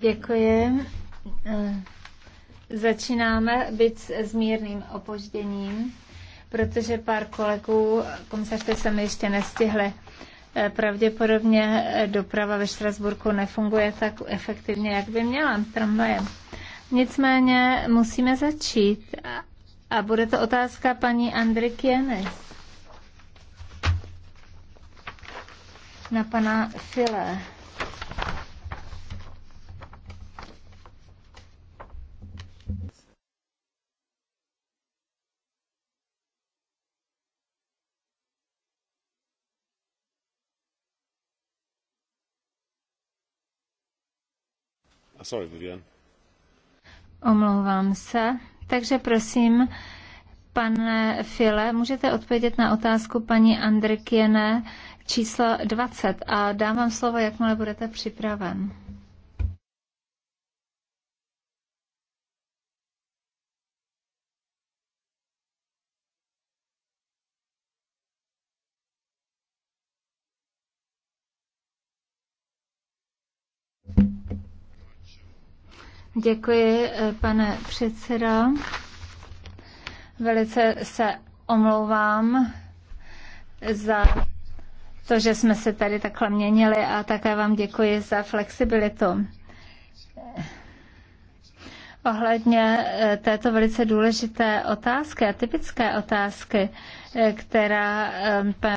Děkuji. Eh, začínáme, být s mírným opožděním, protože pár kolegů komisařte se mi ještě nestihly. Eh, pravděpodobně eh, doprava ve Štrasburku nefunguje tak efektivně, jak by měla tramvaje. Nicméně musíme začít a bude to otázka paní Andry Jenes na pana Filé. Sorry, Vivian. Omlouvám se. Takže prosím, pane File, můžete odpovědět na otázku paní Andrkiene číslo 20 a dám vám slovo, jakmile budete připraven. Děkuji, eh, pane předsedo. Velice se omlouvám za to, že jsme se tady takhle měnili a také vám děkuji za flexibilitu. Ohledně eh, této velice důležité otázky a typické otázky, eh, která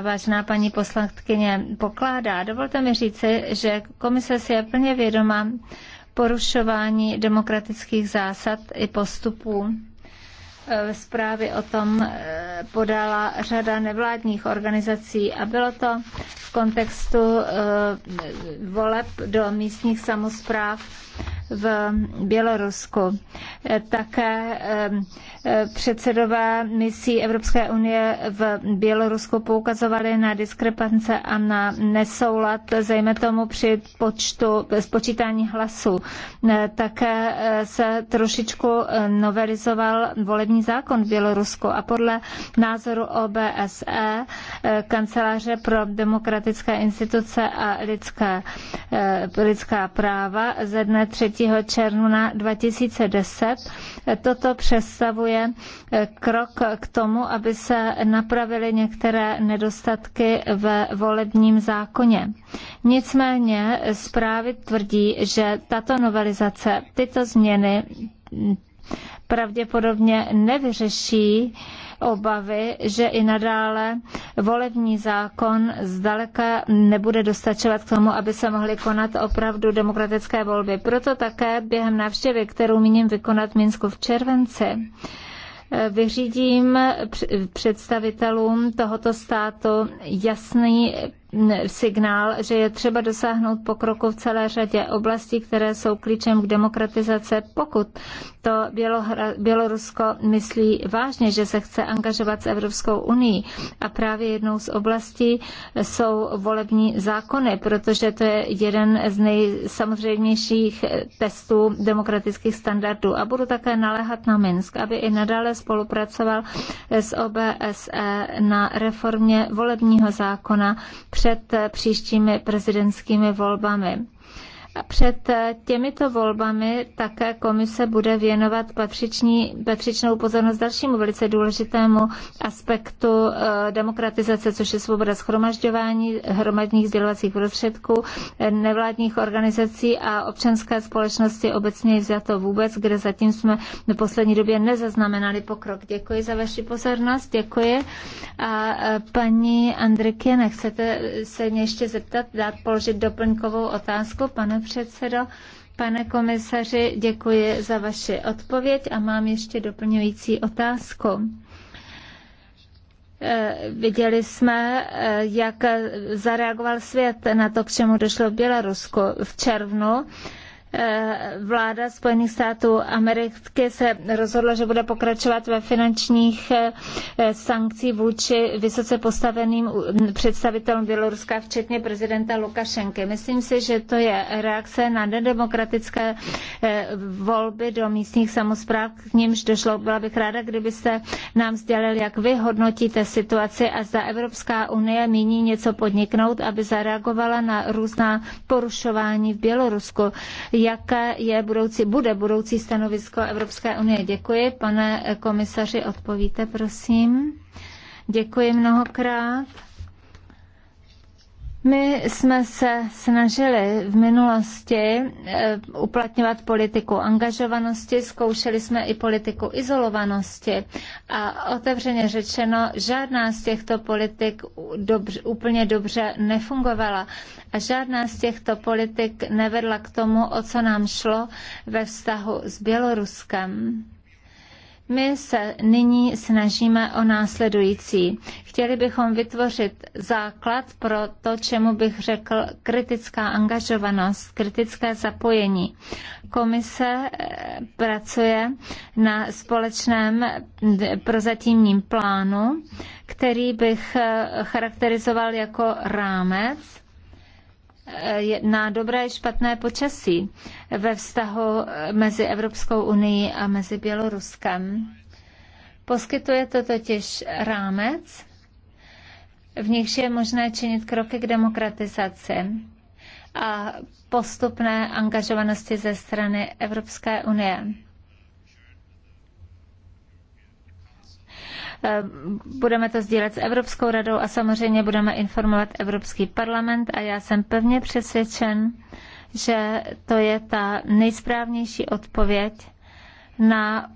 vážná paní poslankyně pokládá. Dovolte mi říci, že komise si je plně vědoma porušování demokratických zásad i postupů. E, Zprávy o tom e, podala řada nevládních organizací a bylo to v kontextu e, voleb do místních samozpráv v Bělorusku. Také předsedové misí Evropské unie v Bělorusku poukazovali na diskrepance a na nesoulad, zejména tomu při počtu spočítání hlasů. E, také e, se trošičku e, novelizoval volební zákon v Bělorusku a podle názoru OBSE, kanceláře pro demokratické instituce a lidská práva ze dne 3. června 2010. Toto představuje eh, krok k tomu, aby se napravily některé nedostatky ve volebním zákoně. Nicméně zprávy tvrdí, že tato novelizace, tyto změny pravděpodobně nevyřeší obavy, že i nadále volební zákon zdaleka nebude dostačovat k tomu, aby se mohly konat opravdu demokratické volby. Proto také během návštěvy, kterou míním vykonat v Minsku v červenci, vyřídím představitelům tohoto státu jasný signál, že je třeba dosáhnout pokroku v celé řadě oblastí, které jsou klíčem k demokratizace, pokud to Bělorusko myslí vážně, že se chce angažovat s Evropskou unii. A právě jednou z oblastí jsou volební zákony, protože to je jeden z nejsamozřejmějších testů demokratických standardů. A budu také naléhat na Minsk, aby i nadále spolupracoval s OBSE na reformě volebního zákona před příštími prezidentskými volbami. Před eh, těmito volbami také komise bude věnovat patřiční, patřičnou pozornost dalšímu velice důležitému aspektu eh, demokratizace, což je svoboda schromažďování, hromadních sdělovacích prostředků, eh, nevládních organizací a občanské společnosti obecně to vůbec, kde zatím jsme v poslední době nezaznamenali pokrok. Děkuji za vaši pozornost, děkuji. A paní Andrikě, nechcete se mě ještě zeptat, dát položit doplňkovou otázku, pane předsedo. Pane komisaři, děkuji za vaši odpověď a mám ještě doplňující otázku. Eh, viděli jsme, eh, jak zareagoval svět na to, k čemu došlo v Bělorusku v červnu Eh, vláda Spojených států americké se rozhodla, že bude pokračovat ve finančních eh, sankcích vůči vysoce postaveným představitelům Běloruska, včetně prezidenta Lukašenky. Myslím si, že to je reakce na nedemokratické eh, volby do místních samozpráv, k nímž došlo. Byla bych ráda, kdybyste nám sdělil, jak vy hodnotíte situaci a zda Evropská unie míní něco podniknout, aby zareagovala na různá porušování v Bělorusku jaké je budoucí, bude budoucí stanovisko Evropské unie. Děkuji. Pane komisaři, odpovíte, prosím. Děkuji mnohokrát. My jsme se snažili v minulosti eh, uplatňovat politiku angažovanosti, zkoušeli jsme i politiku izolovanosti a otevřeně řečeno, žádná z těchto politik dobře, úplně dobře nefungovala a žádná z těchto politik nevedla k tomu, o co nám šlo ve vztahu s Běloruskem. My se nyní snažíme o následující. Chtěli bychom vytvořit základ pro to, čemu bych řekl kritická angažovanost, kritické zapojení. Komise eh, pracuje na společném prozatímním plánu, který bych eh, charakterizoval jako rámec na dobré i špatné počasí ve vztahu mezi Evropskou unii a mezi Běloruskem. Poskytuje to totiž rámec, v nichž je možné činit kroky k demokratizaci a postupné angažovanosti ze strany Evropské unie. Eh, budeme to sdílet s Evropskou radou a samozřejmě budeme informovat Evropský parlament a já jsem pevně přesvědčen, že to je ta nejsprávnější odpověď na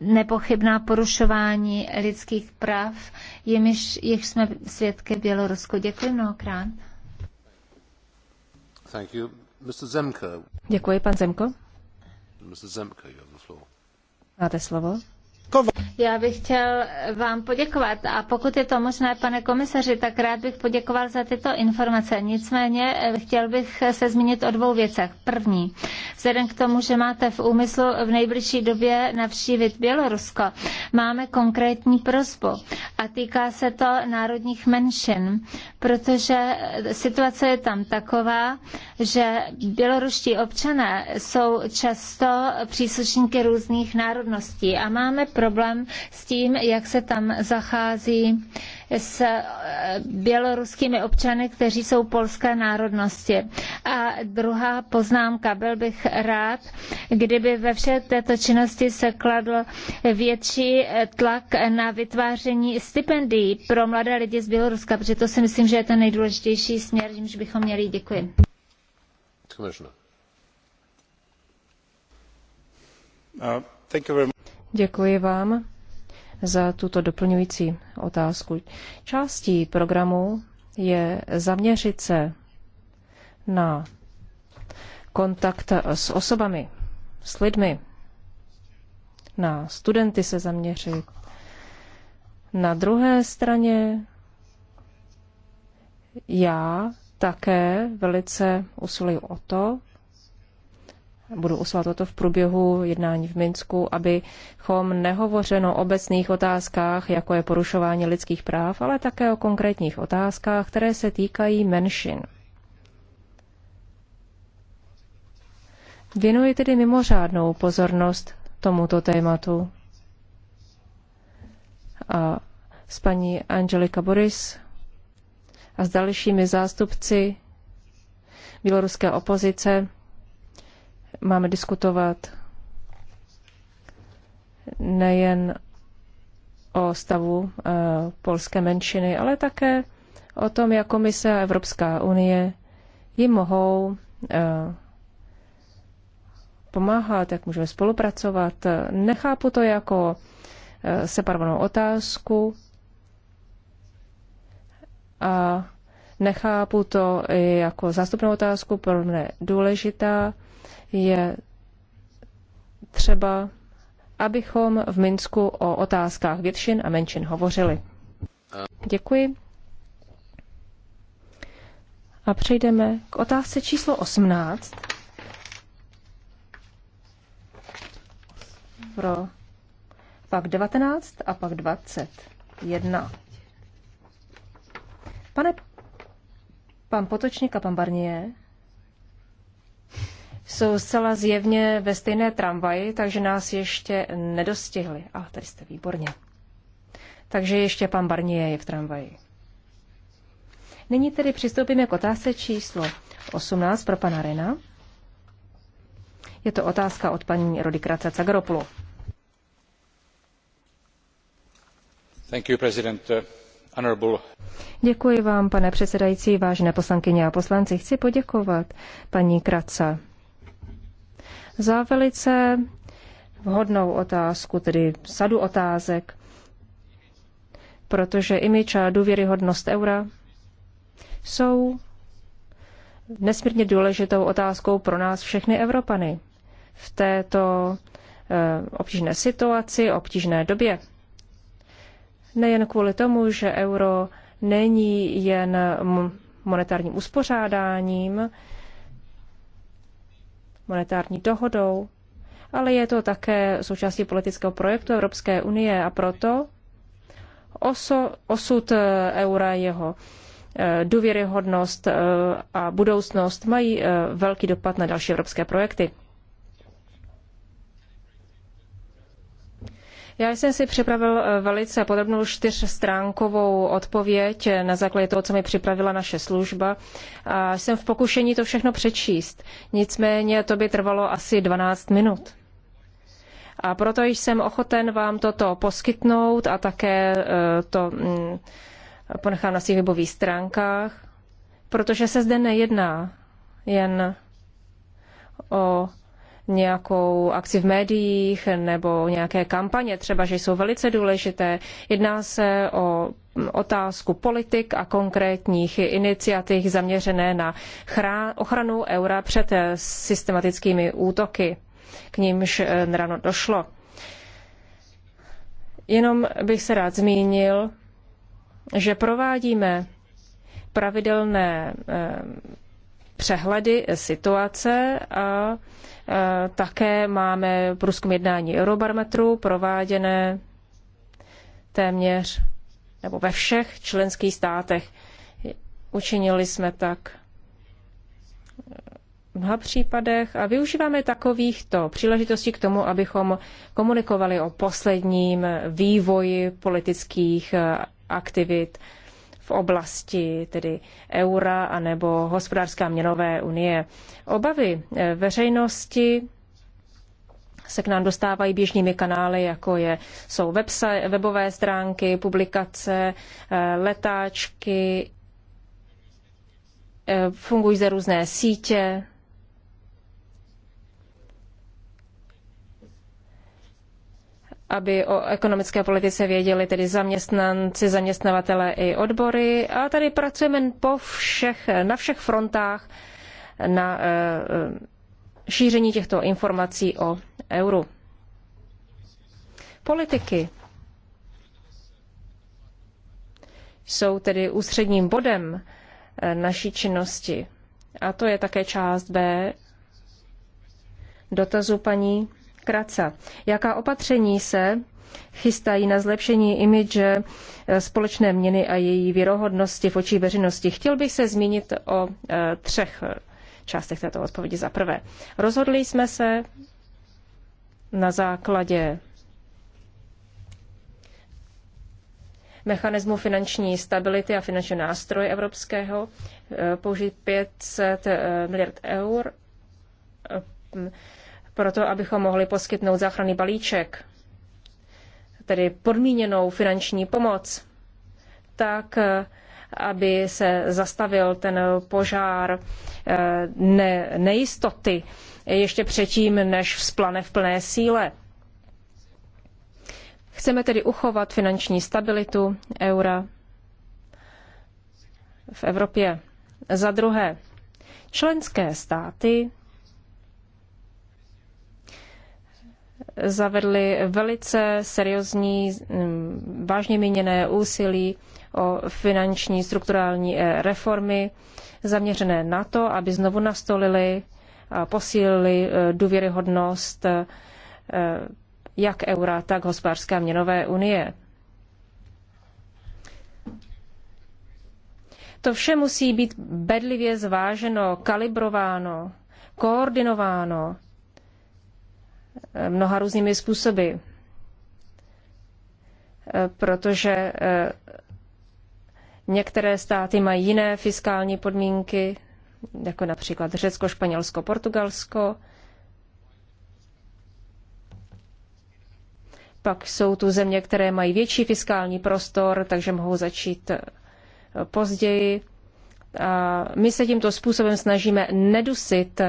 nepochybná porušování lidských práv, jimiž, jich jsme svědky v Bělorusku. Děkuji mnohokrát. Thank you. Mr. Zemko. Děkuji, pan Zemko. Mr. Zemko, you have the floor. Máte slovo poděkovat. Já bych chtěl vám poděkovat a pokud je to možné, pane komisaři, tak rád bych poděkoval za tyto informace. Nicméně eh, chtěl bych se zmínit o dvou věcech. První, vzhledem k tomu, že máte v úmyslu v nejbližší době navštívit Bělorusko, máme konkrétní prozbu a týká se to národních menšin, protože situace je tam taková, že běloruští občané jsou často příslušníky různých národností a máme pro problém s tím, jak se tam zachází s eh, běloruskými občany, kteří jsou polské národnosti. A druhá poznámka. Byl bych rád, kdyby ve vše této činnosti se kladl větší eh, tlak na vytváření stipendií pro mladé lidi z Běloruska, protože to si myslím, že je ten nejdůležitější směr, jimž bychom měli. Děkuji. Uh, Děkuji vám za tuto doplňující otázku. Částí programu je zaměřit se na kontakt s osobami, s lidmi, na studenty se zaměřit. Na druhé straně já také velice usiluji o to, budu usilovat o to v průběhu jednání v Minsku, abychom nehovořeno o obecných otázkách, jako je porušování lidských práv, ale také o konkrétních otázkách, které se týkají menšin. Věnuji tedy mimořádnou pozornost tomuto tématu. A s paní Angelika Boris a s dalšími zástupci běloruské opozice máme diskutovat nejen o stavu eh, polské menšiny, ale také o tom, jak Komise a Evropská unie jim mohou eh, pomáhat, jak můžeme spolupracovat. Nechápu to jako eh, separovanou otázku a nechápu to jako zástupnou otázku, pro mě důležitá je třeba, abychom v Minsku o otázkách většin a menšin hovořili. Děkuji. A přejdeme k otázce číslo 18. Pro pak 19 a pak 21. Pane, pan Potočník a pan Barnier, jsou zcela zjevně ve stejné tramvaji, takže nás ještě nedostihli. A ah, tady jste výborně. Takže ještě pan Barnier je v tramvaji. Nyní tedy přistoupíme k otázce číslo 18 pro pana Rena. Je to otázka od paní Rodikrace Cagroplu. Thank you, President. Honorable. Děkuji vám, pane předsedající, vážené poslankyně a poslanci. Chci poděkovat paní Kraca za velice vhodnou otázku, tedy sadu otázek, protože imič a důvěryhodnost eura jsou nesmírně důležitou otázkou pro nás všechny Evropany v této eh, obtížné situaci, obtížné době. Nejen kvůli tomu, že euro není jen monetárním uspořádáním, monetární dohodou, ale je to také součástí politického projektu Evropské unie a proto oso, osud eh, eura, jeho eh, důvěryhodnost eh, a budoucnost mají velký dopad na další evropské projekty. Já jsem si připravil eh, velice podrobnou čtyřstránkovou odpověď na základě toho, co mi připravila naše služba. A jsem v pokušení to všechno přečíst. Nicméně to by trvalo asi 12 minut. A proto jsem ochoten vám toto poskytnout a také eh, to mm, ponechám na svých webových stránkách, protože se zde nejedná jen o nějakou akci v médiích nebo nějaké kampaně, třeba, že jsou velice důležité. Jedná se o otázku politik a konkrétních iniciativ zaměřené na ochranu eura před systematickými útoky, k nímž eh, ráno došlo. Jenom bych se rád zmínil, že provádíme pravidelné eh, přehledy situace a Eh, také máme průzkum jednání Eurobarometru prováděné téměř nebo ve všech členských státech. Učinili jsme tak eh, v mnoha případech a využíváme takovýchto příležitostí k tomu, abychom komunikovali o posledním vývoji politických eh, aktivit v oblasti tedy eura nebo hospodářská měnové unie. Obavy eh, veřejnosti se k nám dostávají běžnými kanály, jako je, jsou webové stránky, publikace, eh, letáčky, eh, fungují zde různé sítě, aby o ekonomické politice věděli tedy zaměstnanci, zaměstnavatele i odbory. A tady pracujeme po všech, na všech frontách na eh, šíření těchto informací o euru. Politiky jsou tedy ústředním bodem eh, naší činnosti. A to je také část B dotazu paní Kraca. Jaká opatření se chystají na zlepšení imidže eh, společné měny a její věrohodnosti v očích veřejnosti? Chtěl bych se zmínit o eh, třech eh, částech této odpovědi. Za prvé, rozhodli jsme se na základě mechanismu finanční stability a finanční nástroje evropského použít 500 miliard eur proto abychom mohli poskytnout záchranný balíček, tedy podmíněnou finanční pomoc, tak aby se zastavil ten požár eh, ne, nejistoty ještě předtím, než vzplane v plné síle. Chceme tedy uchovat finanční stabilitu eura v Evropě. Za druhé, členské státy zavedli velice seriózní, mm, vážně míněné úsilí o finanční strukturální eh, reformy zaměřené na to, aby znovu nastolili a posílili eh, důvěryhodnost eh, jak eura, tak hospodářské a měnové unie. To vše musí být bedlivě zváženo, kalibrováno, koordinováno mnoha různými způsoby, e, protože e, některé státy mají jiné fiskální podmínky, jako například Řecko, Španělsko, Portugalsko. Pak jsou tu země, které mají větší fiskální prostor, takže mohou začít e, později. A my se tímto způsobem snažíme nedusit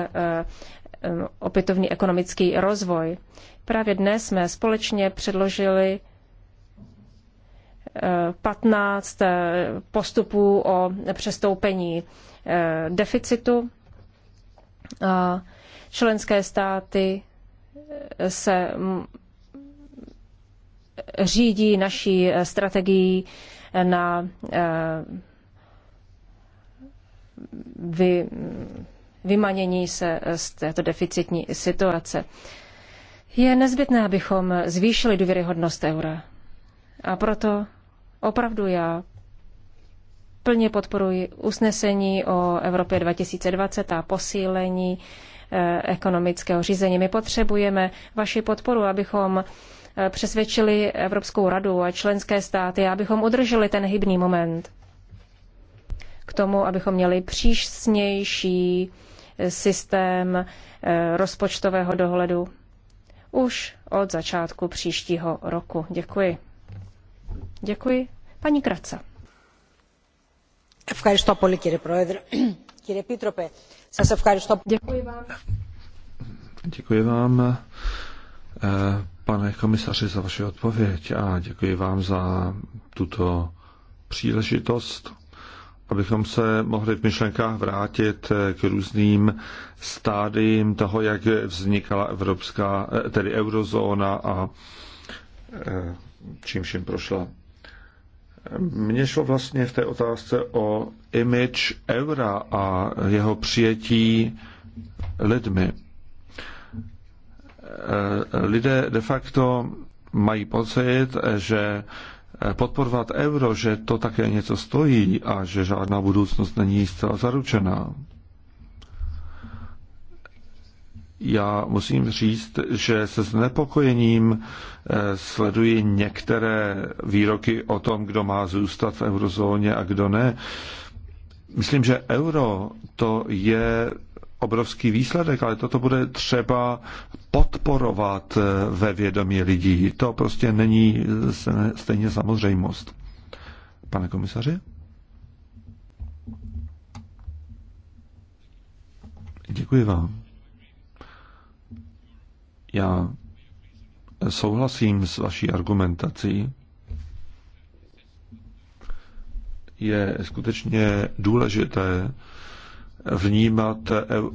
Eh, opětovný ekonomický rozvoj. Právě dnes jsme společně předložili 15 eh, eh, postupů o přestoupení deficitu. A členské státy se mm, řídí naší strategií na vy, vymanění se z této deficitní situace. Je nezbytné, abychom zvýšili důvěryhodnost eura. A proto opravdu já plně podporuji usnesení o Evropě 2020 a posílení eh, ekonomického řízení. My potřebujeme vaši podporu, abychom eh, přesvědčili Evropskou radu a členské státy, abychom udrželi ten hybný moment k tomu, abychom měli přísnější systém eh, rozpočtového dohledu už od začátku příštího roku. Děkuji. Děkuji. Paní Kraca. Děkuji vám. Děkuji vám, eh, pane komisaři, za vaši odpověď a děkuji vám za tuto příležitost abychom se mohli v myšlenkách vrátit eh, k různým stádiím toho, jak vznikala evropská, eh, tedy eurozóna a eh, čím vším prošla. Mně šlo vlastně v té otázce o image eura a jeho přijetí lidmi. Lidé de facto mají pocit, že podporovat euro, že to také něco stojí a že žádná budoucnost není zcela zaručená. Já musím říct, že se znepokojením eh, sleduji některé výroky o tom, kdo má zůstat v eurozóně a kdo ne. Myslím, že euro to je obrovský výsledek, ale toto bude třeba podporovat eh, ve vědomí lidí. To prostě není eh, stejně samozřejmost. Pane komisaři? Děkuji vám. Já souhlasím s vaší argumentací. Je skutečně důležité, vnímat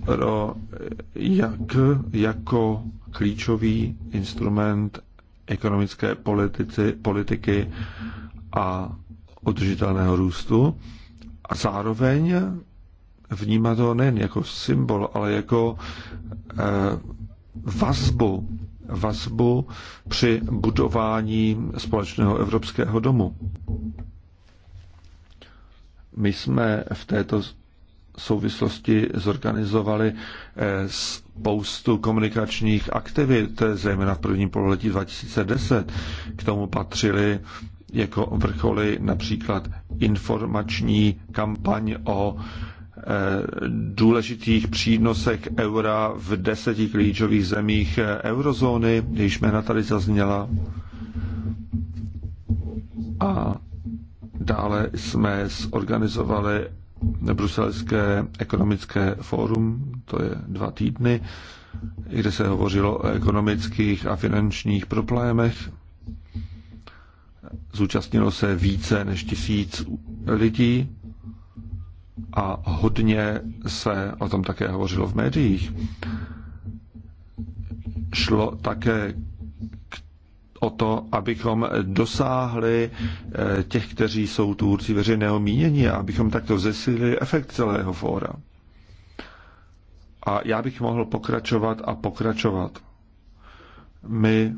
euro jak, jako klíčový instrument ekonomické politici, politiky a udržitelného růstu a zároveň vnímat ho nejen jako symbol, ale jako eh, vazbu, vazbu při budování společného evropského domu. My jsme v této souvislosti zorganizovali eh, spoustu komunikačních aktivit, zejména v prvním pololetí 2010. K tomu patřily jako vrcholy například informační kampaň o eh, důležitých přínosech eura v deseti klíčových zemích eh, eurozóny, jejíž jména tady zazněla. A dále jsme zorganizovali Bruselské ekonomické fórum, to je dva týdny, kde se hovořilo o ekonomických a finančních problémech. Zúčastnilo se více než tisíc lidí a hodně se o tom také hovořilo v médiích. Šlo také o to, abychom dosáhli eh, těch, kteří jsou tvůrci veřejného mínění a abychom takto zesílili efekt celého fóra. A já bych mohl pokračovat a pokračovat. My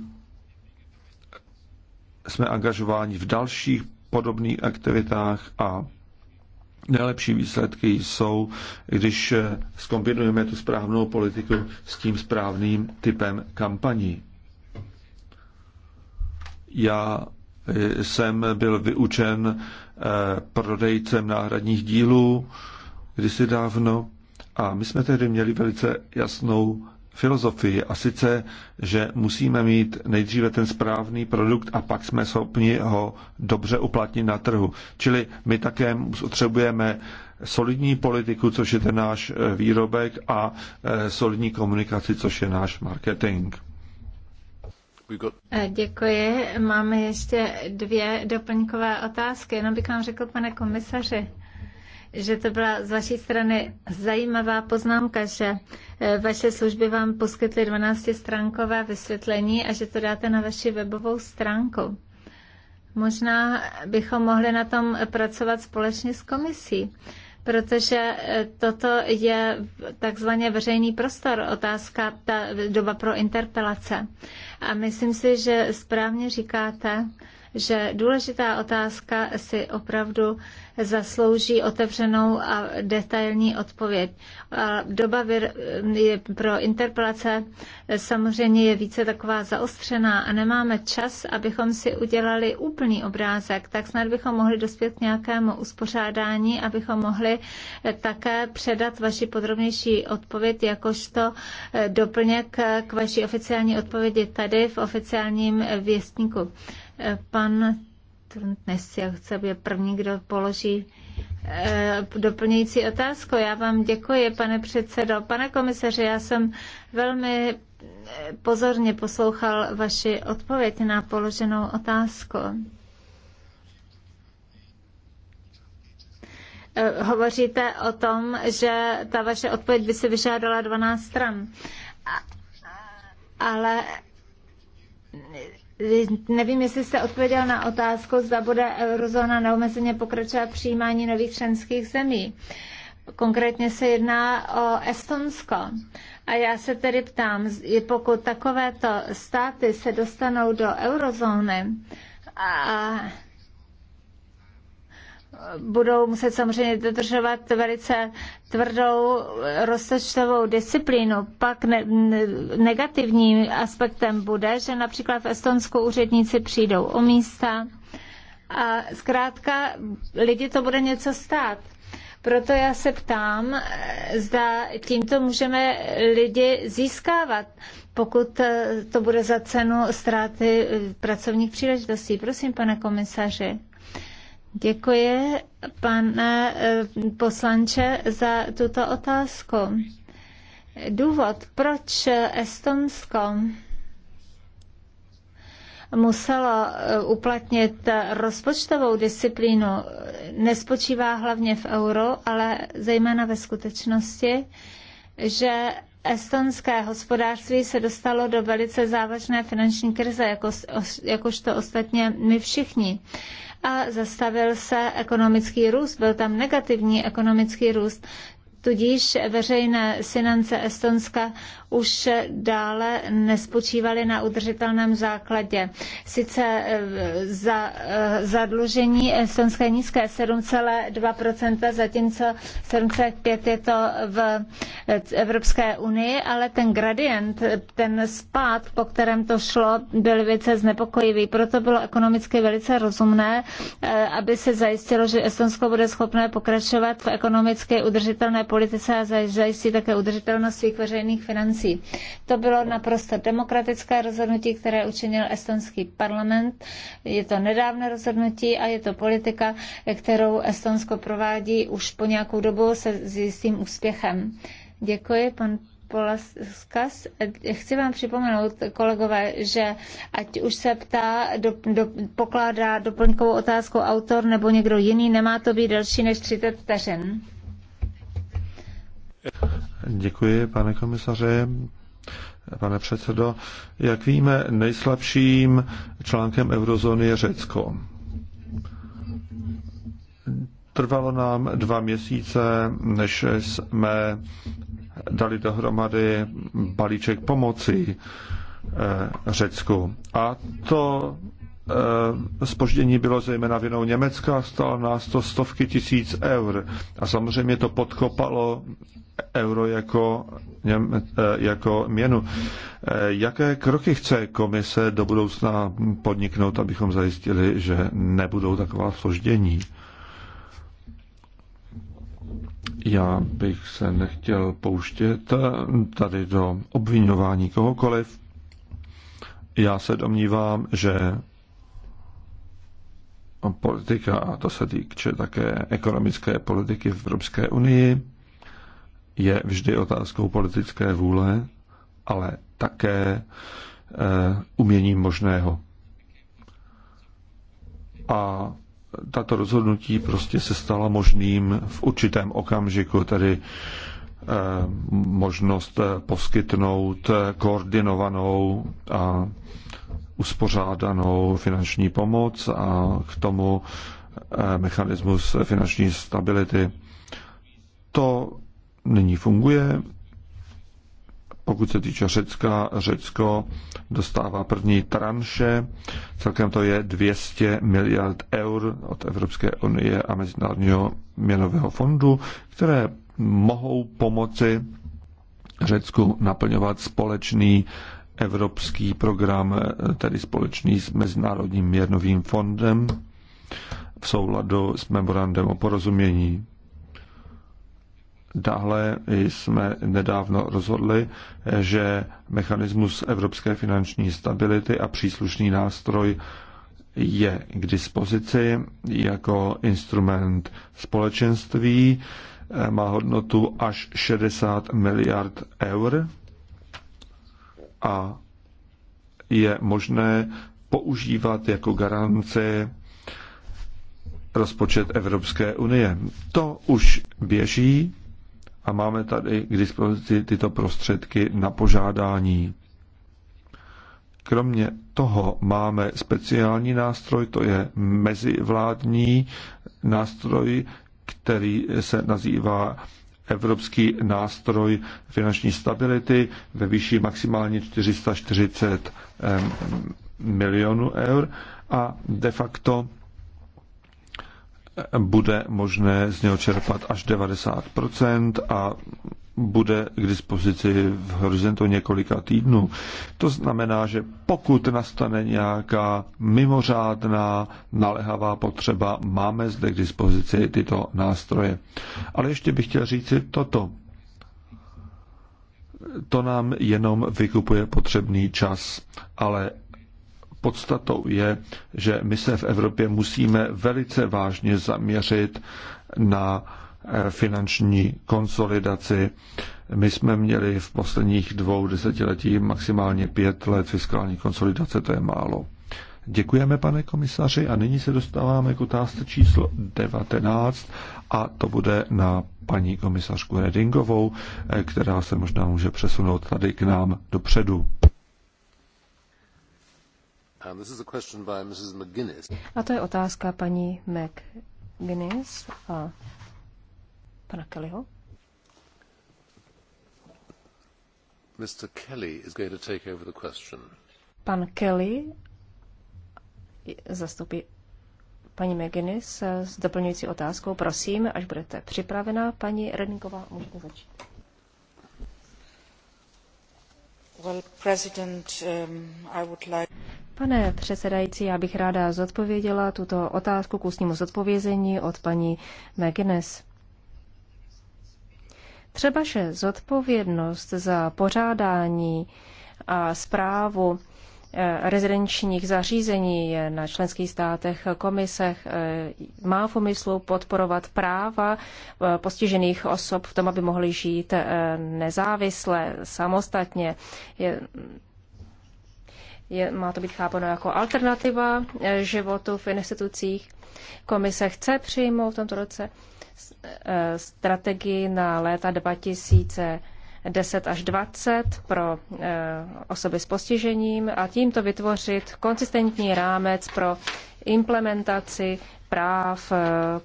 jsme angažováni v dalších podobných aktivitách a nejlepší výsledky jsou, když skombinujeme eh, tu správnou politiku s tím správným typem kampaní. Já eh, jsem byl vyučen eh, prodejcem náhradních dílů kdysi dávno a my jsme tehdy měli velice jasnou filozofii a sice, že musíme mít nejdříve ten správný produkt a pak jsme schopni ho dobře uplatnit na trhu. Čili my také potřebujeme solidní politiku, což je ten náš eh, výrobek a solidní komunikaci, což je náš marketing. Eh, děkuji. Máme ještě dvě doplňkové otázky. Jenom bych vám řekl, pane komisaři, že to byla z vaší strany zajímavá poznámka, že eh, vaše služby vám poskytly 12-stránkové vysvětlení a že to dáte na vaši webovou stránku. Možná bychom mohli na tom pracovat společně s komisí, protože eh, toto je takzvaně veřejný prostor, otázka ta doba pro interpelace. A myslím si, že správně říkáte, že důležitá otázka si opravdu zaslouží otevřenou a detailní odpověď. A doba pro interpelace samozřejmě je více taková zaostřená a nemáme čas, abychom si udělali úplný obrázek, tak snad bychom mohli dospět k nějakému uspořádání, abychom mohli také předat vaši podrobnější odpověď jakožto eh, doplněk k vaší oficiální odpovědi tady v oficiálním věstníku. Pan dnes já chci, první, kdo položí eh, doplňující otázku. Já vám děkuji, pane předsedo. Pane komisaři, já jsem velmi eh, pozorně poslouchal vaši odpověď na položenou otázku. Eh, hovoříte o tom, že ta vaše odpověď by se vyžádala 12 stran. Ale Nevím, jestli jste odpověděl na otázku, zda bude eurozóna neomezeně pokračovat přijímání nových členských zemí. Konkrétně se jedná o Estonsko. A já se tedy ptám, pokud takovéto státy se dostanou do eurozóny a budou muset samozřejmě dodržovat velice tvrdou rozpočtovou disciplínu. Pak ne, negativním aspektem bude, že například v Estonsku úředníci přijdou o místa a zkrátka lidi to bude něco stát. Proto já se ptám, zda tímto můžeme lidi získávat, pokud to bude za cenu ztráty pracovních příležitostí. Prosím, pane komisaři. Děkuji, pane eh, poslanče, za tuto otázku. Důvod, proč Estonsko muselo eh, uplatnit rozpočtovou disciplínu, nespočívá hlavně v euro, ale zejména ve skutečnosti, že estonské hospodářství se dostalo do velice závažné finanční krize, jako, jakožto ostatně my všichni a zastavil se ekonomický růst, byl tam negativní ekonomický růst. Tudíž veřejné finance Estonska už dále nespočívaly na udržitelném základě. Sice eh, za, eh, zadlužení estonské nízké 7,2%, zatímco 7,5% je to v eh, Evropské unii, ale ten gradient, ten spád, po kterém to šlo, byl velice znepokojivý. Proto bylo ekonomicky velice rozumné, aby se zajistilo, že Estonsko bude schopné pokračovat v ekonomické udržitelné politice a zajistit také udržitelnost svých veřejných financí financí. To bylo naprosto demokratické rozhodnutí, které učinil estonský parlament. Je to nedávné rozhodnutí a je to politika, kterou Estonsko provádí už po nějakou dobu se s jistým úspěchem. Děkuji, pan Polaskas. Chci vám připomenout, kolegové, že ať už se ptá, do, do, pokládá doplňkovou otázku autor nebo někdo jiný, nemá to být delší než 30 vteřin. Děkuji, pane komisaře. Pane předsedo, jak víme, nejslabším článkem eurozóny je Řecko. Trvalo nám dva měsíce, než jsme dali dohromady balíček pomoci eh, Řecku. A to spoždění eh, bylo zejména vinou Německa, stalo nás to stovky tisíc eur. A samozřejmě to podkopalo euro jako, eh, jako měnu. Eh, jaké kroky chce komise do budoucna podniknout, abychom zajistili, že nebudou taková spoždění? Já bych se nechtěl pouštět tady do obvinování kohokoliv. Já se domnívám, že politika, a to se týče také ekonomické politiky v Evropské unii, je vždy otázkou politické vůle, ale také eh, umění možného. A tato rozhodnutí prostě se stala možným v určitém okamžiku, tedy eh, možnost poskytnout eh, koordinovanou a uspořádanou finanční pomoc a k tomu eh, mechanismus finanční stability. To nyní funguje. Pokud se týče Řecka, Řecko dostává první tranše, celkem to je 200 miliard eur od Evropské unie a Mezinárodního měnového fondu, které mohou pomoci Řecku naplňovat společný evropský program, eh, tedy společný s Mezinárodním měrnovým fondem v souladu s memorandem o porozumění. Dále jsme nedávno rozhodli, eh, že mechanismus evropské finanční stability a příslušný nástroj je k dispozici jako instrument společenství. Eh, má hodnotu až 60 miliard eur a je možné používat jako garanci rozpočet Evropské unie. To už běží a máme tady k dispozici tyto prostředky na požádání. Kromě toho máme speciální nástroj, to je mezivládní nástroj, který se nazývá evropský nástroj finanční stability ve výši maximálně 440 milionů eur a de facto bude možné z něho čerpat až 90 a bude k dispozici v horizontu několika týdnů. To znamená, že pokud nastane nějaká mimořádná nalehavá potřeba, máme zde k dispozici tyto nástroje. Ale ještě bych chtěl říci toto. To nám jenom vykupuje potřebný čas, ale podstatou je, že my se v Evropě musíme velice vážně zaměřit na Eh, finanční konsolidaci. My jsme měli v posledních dvou desetiletí maximálně pět let fiskální konsolidace, to je málo. Děkujeme, pane komisaři, a nyní se dostáváme k otázce číslo 19 a to bude na paní komisařku Redingovou, eh, která se možná může přesunout tady k nám dopředu. Um, a to je otázka paní McGuinness a Pana Kellyho. Mr. Kelly is going to take over the question. Pan Kelly zastupí paní McGinnis s doplňující otázkou. Prosím, až budete připravena, paní Redinková, můžete začít. Well, um, like... Pane předsedající, já bych ráda zodpověděla tuto otázku k ústnímu zodpovězení od paní McGuinness. Třeba, že zodpovědnost za pořádání a zprávu eh, rezidenčních zařízení je na členských státech, komisech, eh, má v umyslu podporovat práva eh, postižených osob v tom, aby mohli žít nezávisle, samostatně. Je, je, má to být chápano jako alternativa životu v institucích. Komise chce přijmout v tomto roce Eh, strategii na léta 2010 až 20 pro eh, osoby s postižením a tímto vytvořit konsistentní rámec pro implementaci práv eh,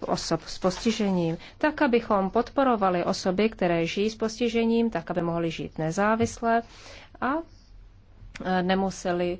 osob s postižením, tak abychom podporovali osoby, které žijí s postižením, tak aby mohly žít nezávisle a nemuseli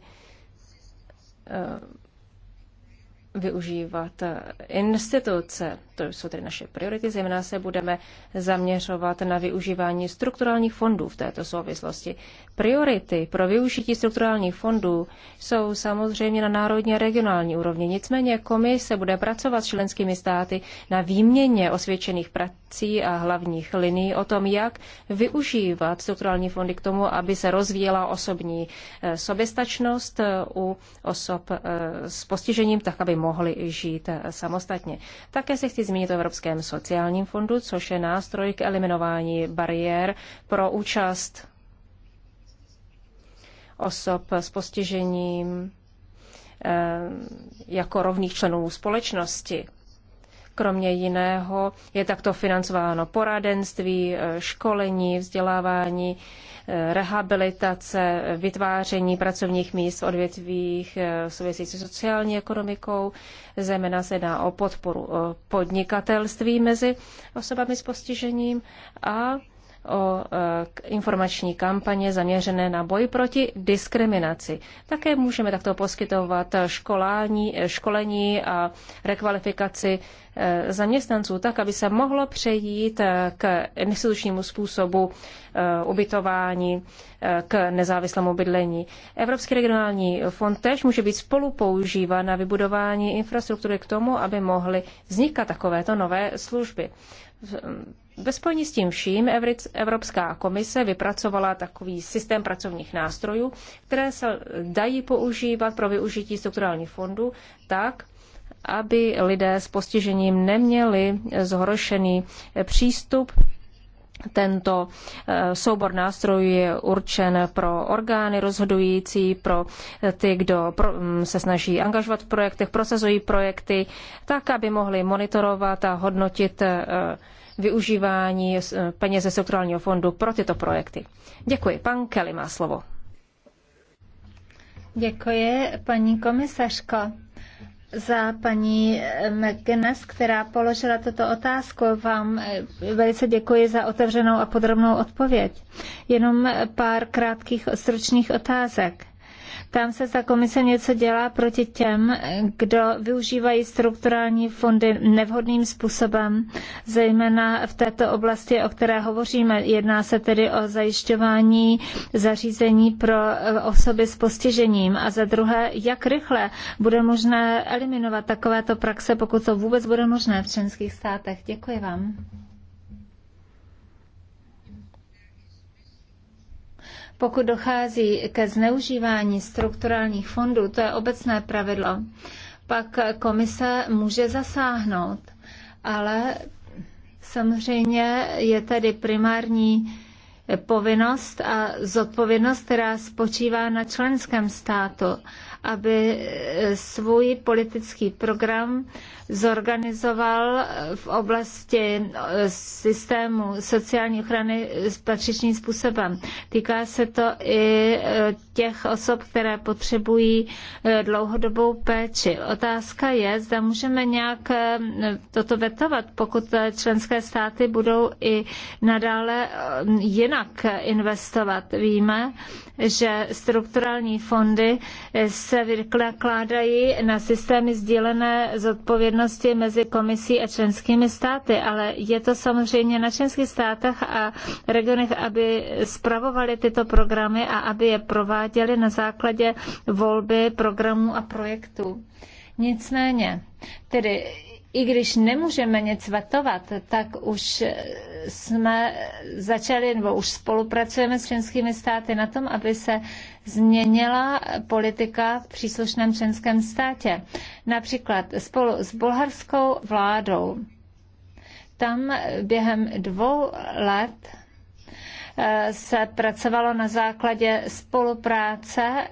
využívat instituce. To jsou tedy naše priority. Zejména se budeme zaměřovat na využívání strukturálních fondů v této souvislosti. Priority pro využití strukturálních fondů jsou samozřejmě na národní a regionální úrovni. Nicméně komise bude pracovat s členskými státy na výměně osvědčených prací a hlavních linií o tom, jak využívat strukturální fondy k tomu, aby se rozvíjela osobní eh, soběstačnost eh, u osob eh, s postižením, tak aby mohly žít samostatně. Také se chci zmínit o Evropském sociálním fondu, což je nástroj k eliminování bariér pro účast osob s postižením eh, jako rovných členů společnosti. Kromě jiného je takto financováno poradenství, eh, školení, vzdělávání, eh, rehabilitace, vytváření pracovních míst v odvětvích eh, související sociální ekonomikou. Zejména se jedná o podporu podnikatelství mezi osobami s postižením a o e, informační kampaně zaměřené na boj proti diskriminaci. Také můžeme takto poskytovat školání, školení a rekvalifikaci e, zaměstnanců tak, aby se mohlo přejít e, k institučnímu způsobu ubytování, k nezávislému bydlení. Evropský regionální fond tež může být spolupoužívan na vybudování infrastruktury k tomu, aby mohly vznikat takovéto nové služby ve spojení s tím vším Evropská komise vypracovala takový systém pracovních nástrojů, které se dají používat pro využití strukturálních fondů tak, aby lidé s postižením neměli zhoršený přístup. Tento eh, soubor nástrojů je určen pro orgány rozhodující, pro eh, ty, kdo mm, se snaží angažovat v projektech, prosazují projekty, tak, aby mohli monitorovat a hodnotit eh, využívání eh, peněz ze strukturálního fondu pro tyto projekty. Děkuji. Pan Kelly má slovo. Děkuji, paní komisařko za paní eh, McGuinness, která položila tuto otázku. Vám eh, velice děkuji za otevřenou a podrobnou odpověď. Jenom pár krátkých stručných otázek. Ptám se zda komise něco dělá proti těm, kdo využívají strukturální fondy nevhodným způsobem, zejména v této oblasti, o které hovoříme. Jedná se tedy o zajišťování zařízení pro eh, osoby s postižením. A za druhé, jak rychle bude možné eliminovat takovéto praxe, pokud to vůbec bude možné v členských státech. Děkuji vám. Pokud dochází ke zneužívání strukturálních fondů, to je obecné pravidlo, pak komise může zasáhnout. Ale samozřejmě je tedy primární povinnost a zodpovědnost, která spočívá na členském státu aby eh, svůj politický program zorganizoval eh, v oblasti eh, systému sociální ochrany s patřičným způsobem. Týká se to i těch osob, které potřebují dlouhodobou péči. Otázka je, zda můžeme nějak toto vetovat, pokud členské státy budou i nadále jinak investovat. Víme, že strukturální fondy se se vykládají na systémy sdílené zodpovědnosti mezi komisí a členskými státy, ale je to samozřejmě na členských státech a regionech, aby spravovali tyto programy a aby je prováděli na základě volby programů a projektů. Nicméně, tedy i když nemůžeme nic vetovat, tak už jsme začali, nebo už spolupracujeme s členskými státy na tom, aby se změnila politika v příslušném členském státě. Například spolu s bulharskou vládou. Tam během dvou let eh, se pracovalo na základě spolupráce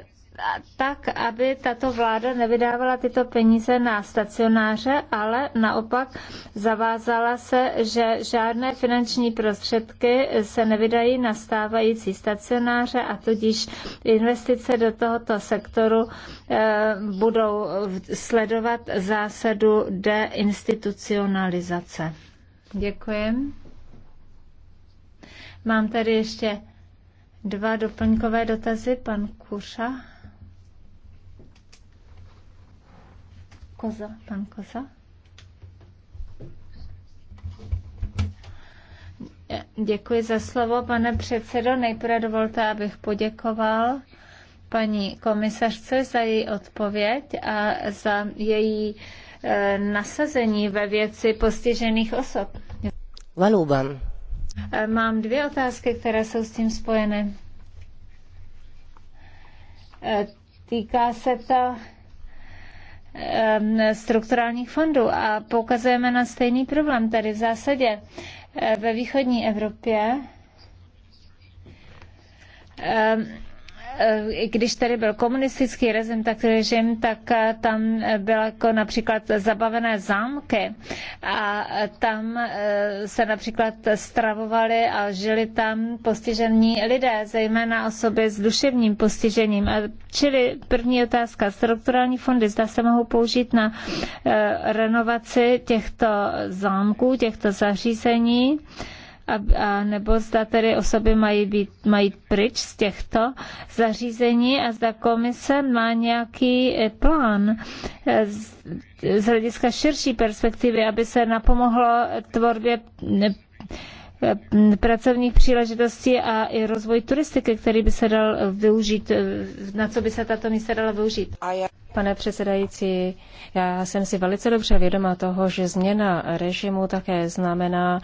tak, aby tato vláda nevydávala tyto peníze na stacionáře, ale naopak zavázala se, že žádné finanční prostředky se nevydají na stávající stacionáře a tudíž investice do tohoto sektoru eh, budou sledovat zásadu deinstitucionalizace. Děkuji. Mám tady ještě dva doplňkové dotazy, pan Kuša. Koza, pan Koza. Děkuji za slovo, pane předsedo. Nejprve dovolte, abych poděkoval paní komisařce za její odpověď a za její eh, nasazení ve věci postižených osob. Valuban. Eh, mám dvě otázky, které jsou s tím spojeny. Eh, týká se to strukturálních fondů a poukazujeme na stejný problém tady v zásadě. Ve východní Evropě Eh, když tady byl komunistický režim, tak, režim, eh, tak tam eh, byla jako například zabavené zámky a tam se například stravovali a žili tam postižení lidé, zejména osoby s duševním postižením. Čili první otázka, strukturální fondy zda se mohou použít na renovaci těchto zámků, těchto zařízení a, a nebo zda tedy osoby mají, být, mají pryč z těchto zařízení a zda komise má nějaký eh, plán eh, z, z hlediska širší perspektivy, aby se napomohlo tvorbě ne, eh, pracovních příležitostí a i rozvoj turistiky, který by se dal využít, na co by se tato místa dala využít. Pane předsedající, já jsem si velice dobře vědoma toho, že změna režimu také znamená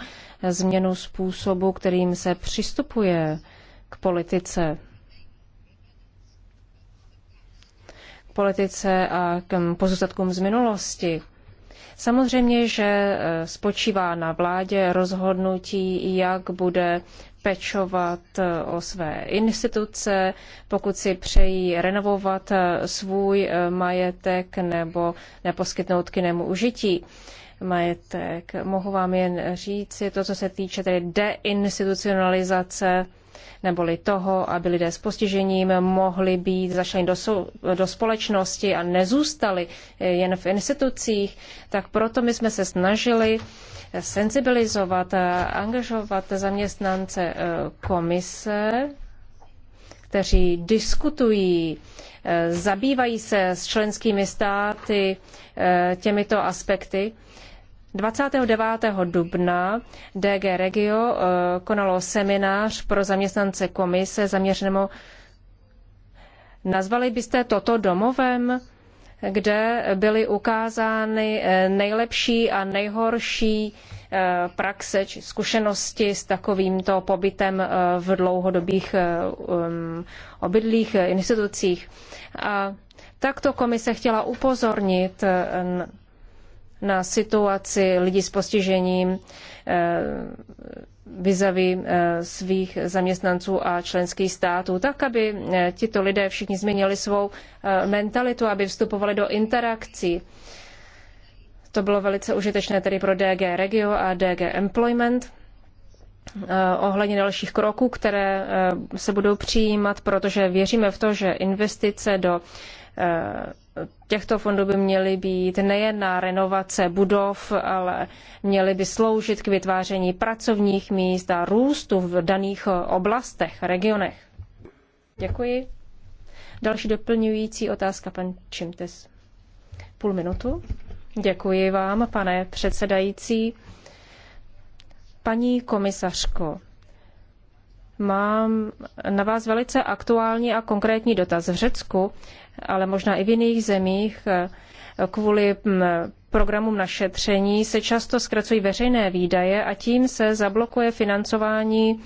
změnu způsobu, kterým se přistupuje k politice. K politice a k mm, pozůstatkům z minulosti. Samozřejmě, že e, spočívá na vládě rozhodnutí, jak bude pečovat e, o své instituce, pokud si přejí renovovat e, svůj majetek nebo neposkytnout k němu užití majetek. Mohu vám jen říct, je to, co se týče tedy deinstitucionalizace, neboli toho, aby lidé s postižením mohli být zašleni do, do společnosti a nezůstali jen v institucích, tak proto my jsme se snažili sensibilizovat a angažovat zaměstnance eh, komise, kteří diskutují, eh, zabývají se s členskými státy eh, těmito aspekty 29. dubna DG Regio eh, konalo seminář pro zaměstnance komise zaměřenému Nazvali byste toto domovem, kde byly ukázány eh, nejlepší a nejhorší eh, praxe či zkušenosti s takovýmto pobytem v dlouhodobých um, obydlých institucích. A takto komise chtěla upozornit na situaci lidí s postižením eh, vizavy eh, svých zaměstnanců a členských států, tak aby eh, tito lidé všichni změnili svou mentalitu, aby vstupovali do interakcí. To bylo velice užitečné tedy pro DG Regio a DG Employment ohledně dalších kroků, které se budou přijímat, protože věříme v to, že investice do těchto fondů by měly být nejen na renovace budov, ale měly by sloužit k vytváření pracovních míst a růstu v daných oblastech, regionech. Děkuji. Další doplňující otázka, pan Čimtes. Půl minutu. Děkuji vám, pane předsedající. Paní komisařko, Mám na vás velice aktuální a konkrétní dotaz. V Řecku, ale možná i v jiných zemích, kvůli mm, programům na šetření se často zkracují veřejné výdaje a tím se zablokuje financování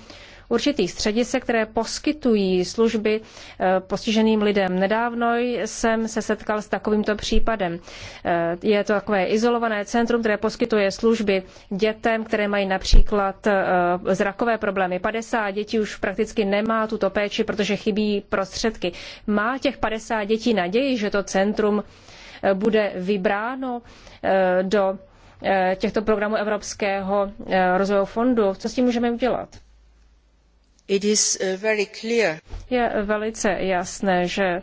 určitých středisek, které poskytují služby eh, postiženým lidem. Nedávno jsem se setkal s takovýmto případem. Eh, je to takové izolované centrum, které poskytuje služby dětem, které mají například eh, zrakové problémy. 50 dětí už prakticky nemá tuto péči, protože chybí prostředky. Má těch 50 dětí naději, že to centrum bude vybráno do těchto programů Evropského rozvojového fondu. Co s tím můžeme udělat? Eh, Je velice jasné, že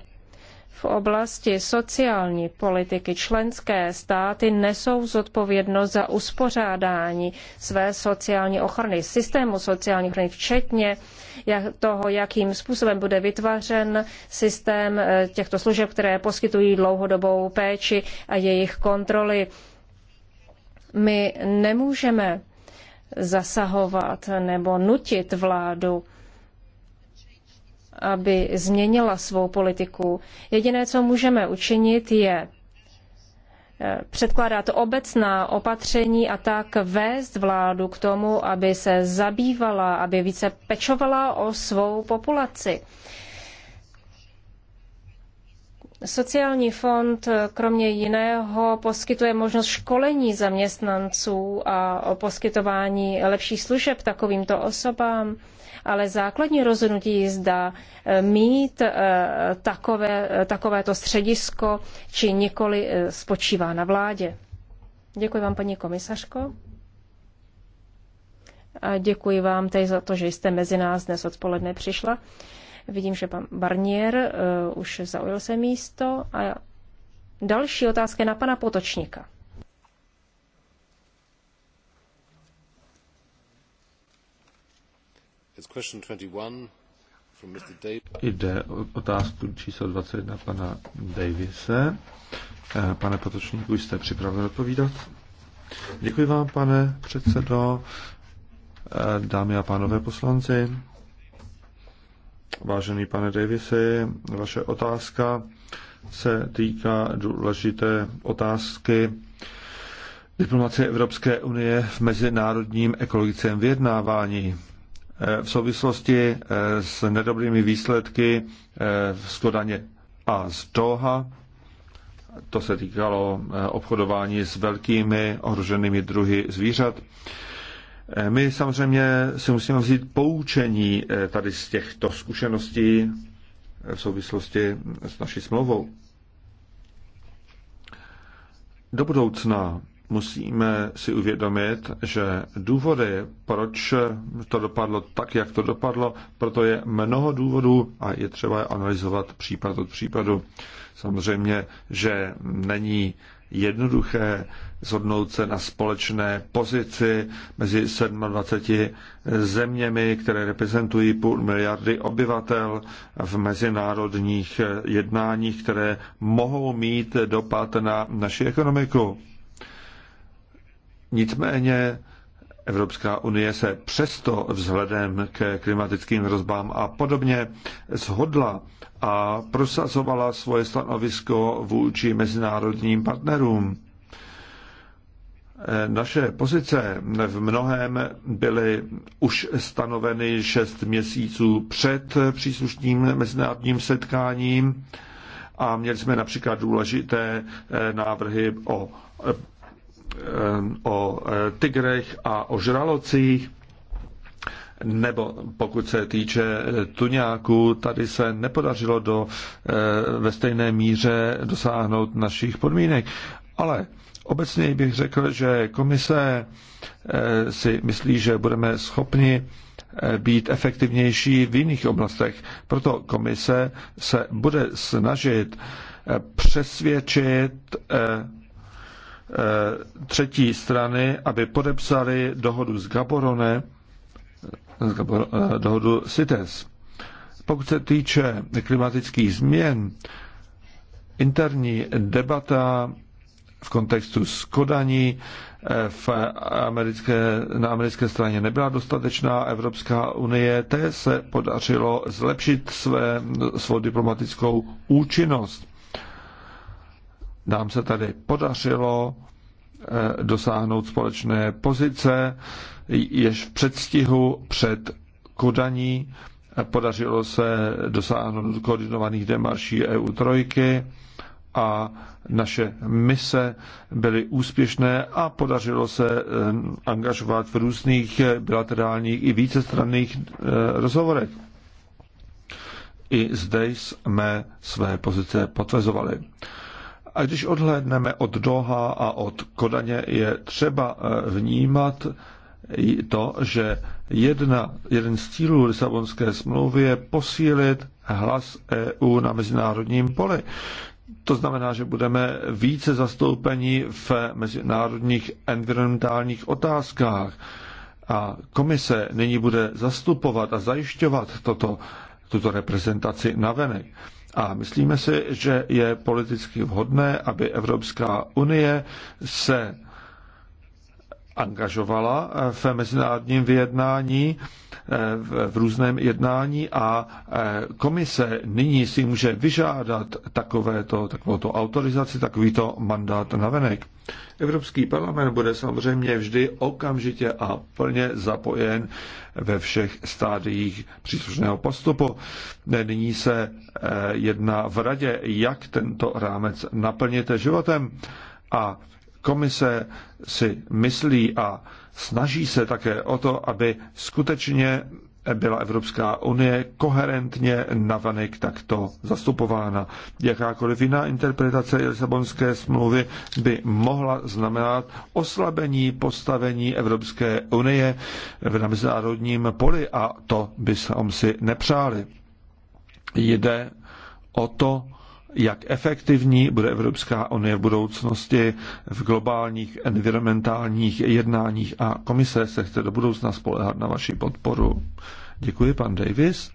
v oblasti sociální politiky členské státy nesou zodpovědnost za uspořádání své sociální ochrany, systému sociální ochrany, včetně toho, jakým způsobem bude vytvářen systém eh, těchto služeb, které poskytují dlouhodobou péči a jejich kontroly. My nemůžeme zasahovat nebo nutit vládu aby změnila svou politiku. Jediné, co můžeme učinit, je eh, předkládat obecná opatření a tak vést vládu k tomu, aby se zabývala, aby více pečovala o svou populaci. Sociální fond eh, kromě jiného poskytuje možnost školení zaměstnanců a poskytování lepších služeb takovýmto osobám ale základní rozhodnutí zda eh, mít eh, takové, eh, takovéto středisko či nikoli spočívá na vládě. Děkuji vám, paní komisařko. A děkuji vám tady za to, že jste mezi nás dnes odpoledne přišla. Vidím, že pan Barnier uh, už zaujal se místo. A další otázka je na pana Potočníka. Jde o otázku číslo 21 pana Davise. Eh, pane Potočníku, jste připraven odpovídat? Děkuji vám, pane předsedo, eh, dámy a pánové poslanci. Vážený pane Davise, vaše otázka se týká důležité otázky diplomacie Evropské unie v mezinárodním ekologickém vyjednávání v souvislosti eh, s nedobrými výsledky v eh, Skodaně a z Doha. To se týkalo eh, obchodování s velkými ohroženými druhy zvířat. My samozřejmě si musíme vzít poučení tady z těchto zkušeností v souvislosti s naší smlouvou. Do budoucna musíme si uvědomit, že důvody, proč to dopadlo tak, jak to dopadlo, proto je mnoho důvodů a je třeba je analyzovat případ od případu. Samozřejmě, že není jednoduché zhodnout se na společné pozici mezi 27 zeměmi, které reprezentují půl miliardy obyvatel v mezinárodních jednáních, které mohou mít dopad na naši ekonomiku. Nicméně Evropská unie se přesto vzhledem k klimatickým hrozbám a podobně shodla a prosazovala svoje stanovisko vůči mezinárodním partnerům. Naše pozice v mnohem byly už stanoveny šest měsíců před příslušným mezinárodním setkáním a měli jsme například důležité návrhy o Eh, o eh, tigrech a o žralocích, nebo pokud se týče eh, tuňáků, tady se nepodařilo do, ve stejné míře dosáhnout našich podmínek. Ale obecně bych řekl, že komise si myslí, že budeme schopni být efektivnější v jiných oblastech. Proto komise se bude snažit přesvědčit Eh, třetí strany, aby podepsali dohodu s Gaborone, eh, eh, dohodu CITES. Pokud se týče klimatických změn, interní debata v kontextu skodaní v americké, na americké straně nebyla dostatečná. Evropská unie té se podařilo zlepšit své, svou diplomatickou účinnost. Dám se tady podařilo eh, dosáhnout společné pozice, jež v předstihu před Kodaní eh, podařilo se dosáhnout koordinovaných demarší EU trojky a naše mise byly úspěšné a podařilo se eh, angažovat v různých bilaterálních i vícestranných rozhovorech. I zde jsme své pozice potvrzovali. A když odhlédneme od Doha a od Kodaně, je třeba eh, vnímat to, že jedna, jeden z cílů Lisabonské smlouvy je posílit hlas EU na mezinárodním poli. To znamená, že budeme více zastoupeni v mezinárodních environmentálních otázkách. A komise nyní bude zastupovat a zajišťovat toto, tuto reprezentaci navenek. A myslíme si, že je politicky vhodné, aby Evropská unie se angažovala eh, v mezinárodním vyjednání, eh, v různém jednání a eh, komise nyní si může vyžádat takovéto, takovouto autorizaci, takovýto mandát na venek. Evropský parlament bude samozřejmě vždy okamžitě a plně zapojen ve všech stádiích příslušného postupu. Nyní se jedná v radě, jak tento rámec naplněte životem a Komise si myslí a snaží se také o to, aby skutečně byla Evropská unie koherentně navanek takto zastupována. Jakákoliv jiná interpretace Lisabonské smlouvy by mohla znamenat oslabení postavení Evropské unie v mezinárodním poli a to bychom si nepřáli. Jde o to, jak efektivní bude Evropská unie v budoucnosti v globálních environmentálních jednáních a komise se chce do budoucna spolehat na vaši podporu. Děkuji, pan Davis.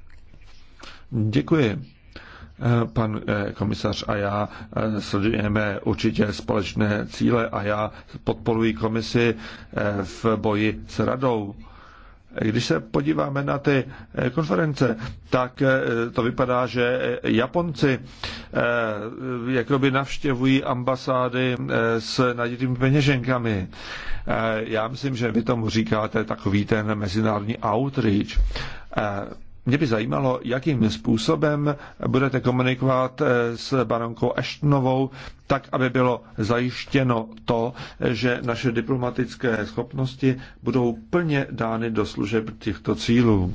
Děkuji. Eh, pan eh, komisař a já eh, sledujeme určitě společné cíle a já podporuji komisi v boji s radou když se podíváme na ty eh, konference, tak eh, to vypadá, že eh, Japonci jakoby navštěvují ambasády s naditými peněženkami. Já myslím, že vy tomu říkáte takový ten mezinárodní outreach mě by zajímalo, jakým způsobem budete komunikovat eh, s baronkou Ashtonovou, tak, aby bylo zajištěno to, že naše diplomatické schopnosti budou plně dány do služeb těchto cílů.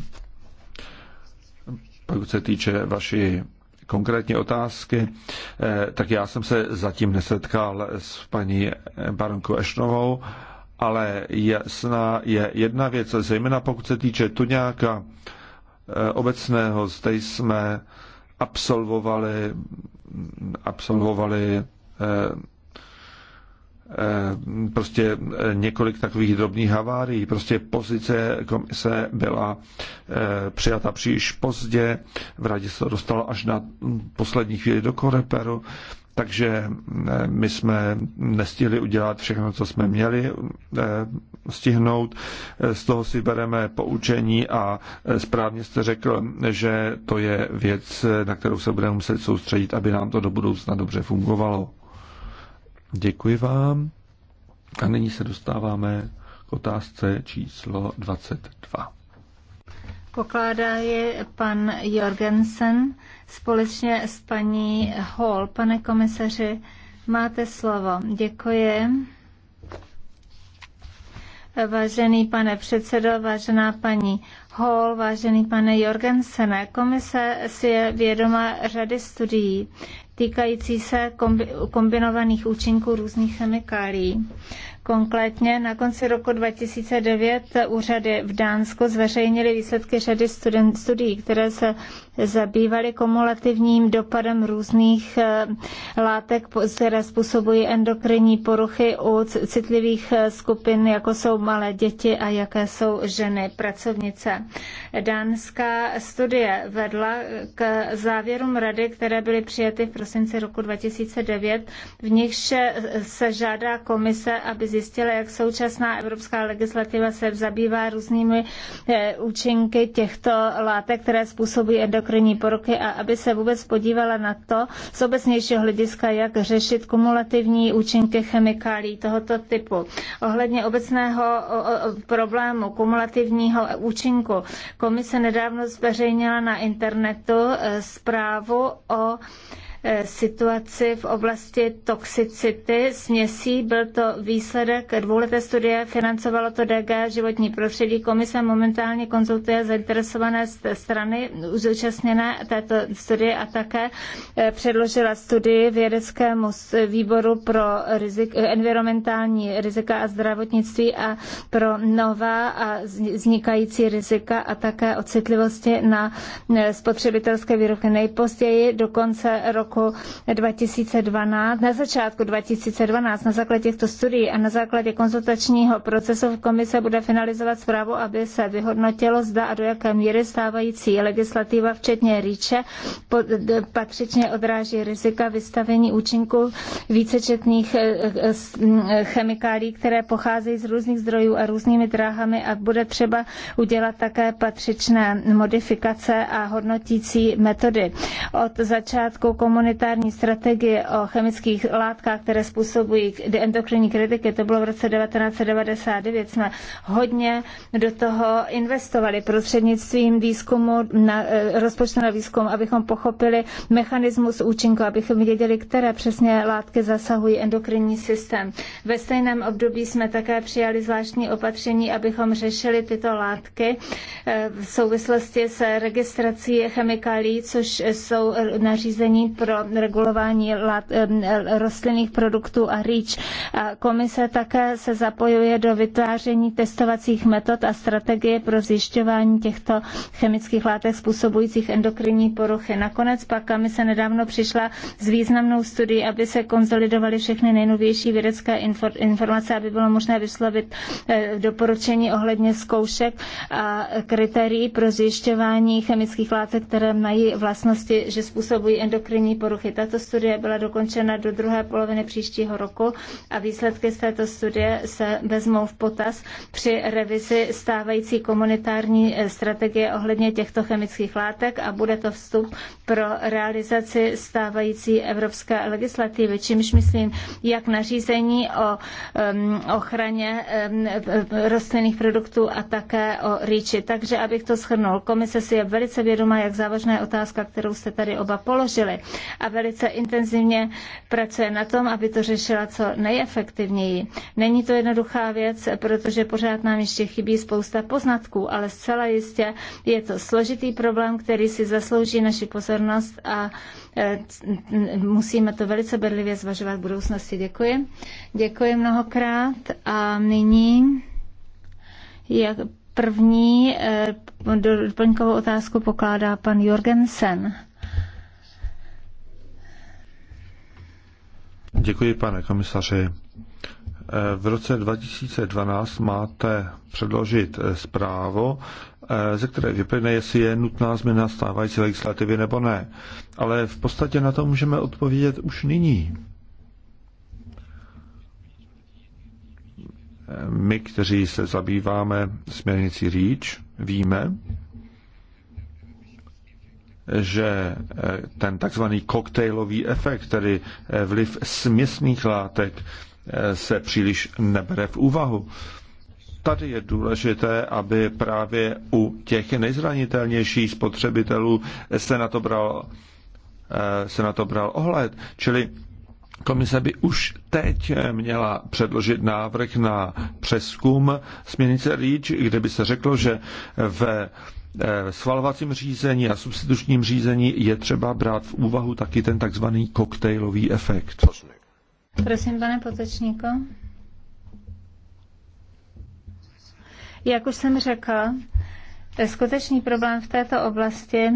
Pokud se týče vaší konkrétní otázky, eh, tak já jsem se zatím nesetkal s paní baronkou Ešnovou, ale jasná je jedna věc, zejména pokud se týče tuňáka, Eh, obecného. Zde jsme absolvovali, absolvovali eh, eh, prostě několik takových drobných havárií. Prostě pozice komise byla přijata příliš pozdě, v radě se dostala dostalo až na poslední chvíli do Koreperu takže eh, my jsme nestihli udělat všechno, co jsme měli eh, stihnout. Eh, z toho si bereme poučení a správně jste řekl, že to je věc, na kterou se budeme muset soustředit, aby nám to do budoucna dobře fungovalo. Děkuji vám. A nyní se dostáváme k otázce číslo 22. Pokládá je pan Jorgensen společně s paní Hall. Pane komisaři, máte slovo. Děkuji. Vážený pane předsedo, vážená paní Hall, vážený pane Jorgensene, komise si je vědoma řady studií týkající se kombinovaných účinků různých chemikálií. Konkrétně na konci roku 2009 úřady v Dánsku zveřejnily výsledky řady studií, které se zabývali kumulativním dopadem různých eh, látek, které způsobují endokrinní poruchy u citlivých eh, skupin, jako jsou malé děti a jaké jsou ženy pracovnice. Dánská studie vedla k závěrům rady, které byly přijaty v prosinci roku 2009, v nichž se žádá komise, aby zjistila, jak současná evropská legislativa se zabývá různými eh, účinky těchto látek, které způsobují endokrinní endokrinní poruky a aby se vůbec podívala na to z obecnějšího hlediska, jak řešit kumulativní účinky chemikálí tohoto typu. Ohledně obecného problému kumulativního účinku komise nedávno zveřejnila na internetu eh, zprávu o Eh, situaci v oblasti toxicity směsí. Byl to výsledek dvouleté studie, financovalo to DG životní prostředí. Komise momentálně konzultuje zainteresované strany zúčastněné této studie a také eh, předložila studii vědeckému výboru pro rizik, eh, environmentální rizika a zdravotnictví a pro nová a vznikající rizika a také o citlivosti na spotřebitelské výroky nejpozději do konce roku roku 2012, na začátku 2012, na základě těchto studií a na základě konzultačního procesu komise bude finalizovat zprávu, aby se vyhodnotilo, zda a do jaké míry stávající legislativa, včetně REACHe, patřičně odráží rizika vystavení účinku vícečetných eh, eh, eh, chemikálí, které pocházejí z různých zdrojů a různými dráhami a bude třeba udělat také patřičné modifikace a hodnotící metody. Od začátku komunikace komunitární strategie o chemických látkách, které způsobují endokrinní kritiky, to bylo v roce 1999, jsme hodně do toho investovali prostřednictvím výzkumu, na, e, rozpočtu na výzkum, abychom pochopili mechanismus účinku, abychom věděli, které přesně látky zasahují endokrinní systém. Ve stejném období jsme také přijali zvláštní opatření, abychom řešili tyto látky e, v souvislosti se registrací chemikálí, což jsou e, nařízení pro pro regulování rostlinných produktů a REACH. A komise také se zapojuje do vytváření testovacích metod a strategie pro zjišťování těchto chemických látek způsobujících endokrinní poruchy. Nakonec pak komise nedávno přišla s významnou studií, aby se konzolidovaly všechny nejnovější vědecké informace, aby bylo možné vyslovit eh, doporučení ohledně zkoušek a kritérií pro zjišťování chemických látek, které mají vlastnosti, že způsobují endokrinní poruchy. Tato studie byla dokončena do druhé poloviny příštího roku a výsledky z této studie se vezmou v potaz při revizi stávající komunitární eh, strategie ohledně těchto chemických látek a bude to vstup pro realizaci stávající evropské legislativy, čímž myslím jak nařízení o ochraně rostlinných produktů a také o rýči. Takže abych to shrnul, komise si je velice vědomá, jak závažná je otázka, kterou jste tady oba položili a velice intenzivně pracuje na tom, aby to řešila co nejefektivněji. Není to jednoduchá věc, protože pořád nám ještě chybí spousta poznatků, ale zcela jistě je to složitý problém, který si zaslouží naši pozornost a e, musíme to velice bedlivě zvažovat v budoucnosti. Děkuji. Děkuji mnohokrát a nyní jak první e, doplňkovou otázku pokládá pan Jorgensen. Děkuji, pane komisaři. V roce 2012 máte předložit zprávu, ze které vyplyne, jestli je nutná změna stávající legislativy nebo ne. Ale v podstatě na to můžeme odpovědět už nyní. My, kteří se zabýváme směrnicí REACH, víme, že eh, ten takzvaný koktejlový efekt, tedy eh, vliv směsných látek, eh, se příliš nebere v úvahu. Tady je důležité, aby právě u těch nejzranitelnějších spotřebitelů se na to bral se na to bral ohled. Čili Komise by už teď měla předložit návrh na přeskum směrnice REACH, kde by se řeklo, že v eh, svalovacím řízení a substitučním řízení je třeba brát v úvahu taky ten takzvaný koktejlový efekt. Prosím, pane Potečníko. Jak už jsem řekla, skutečný problém v této oblasti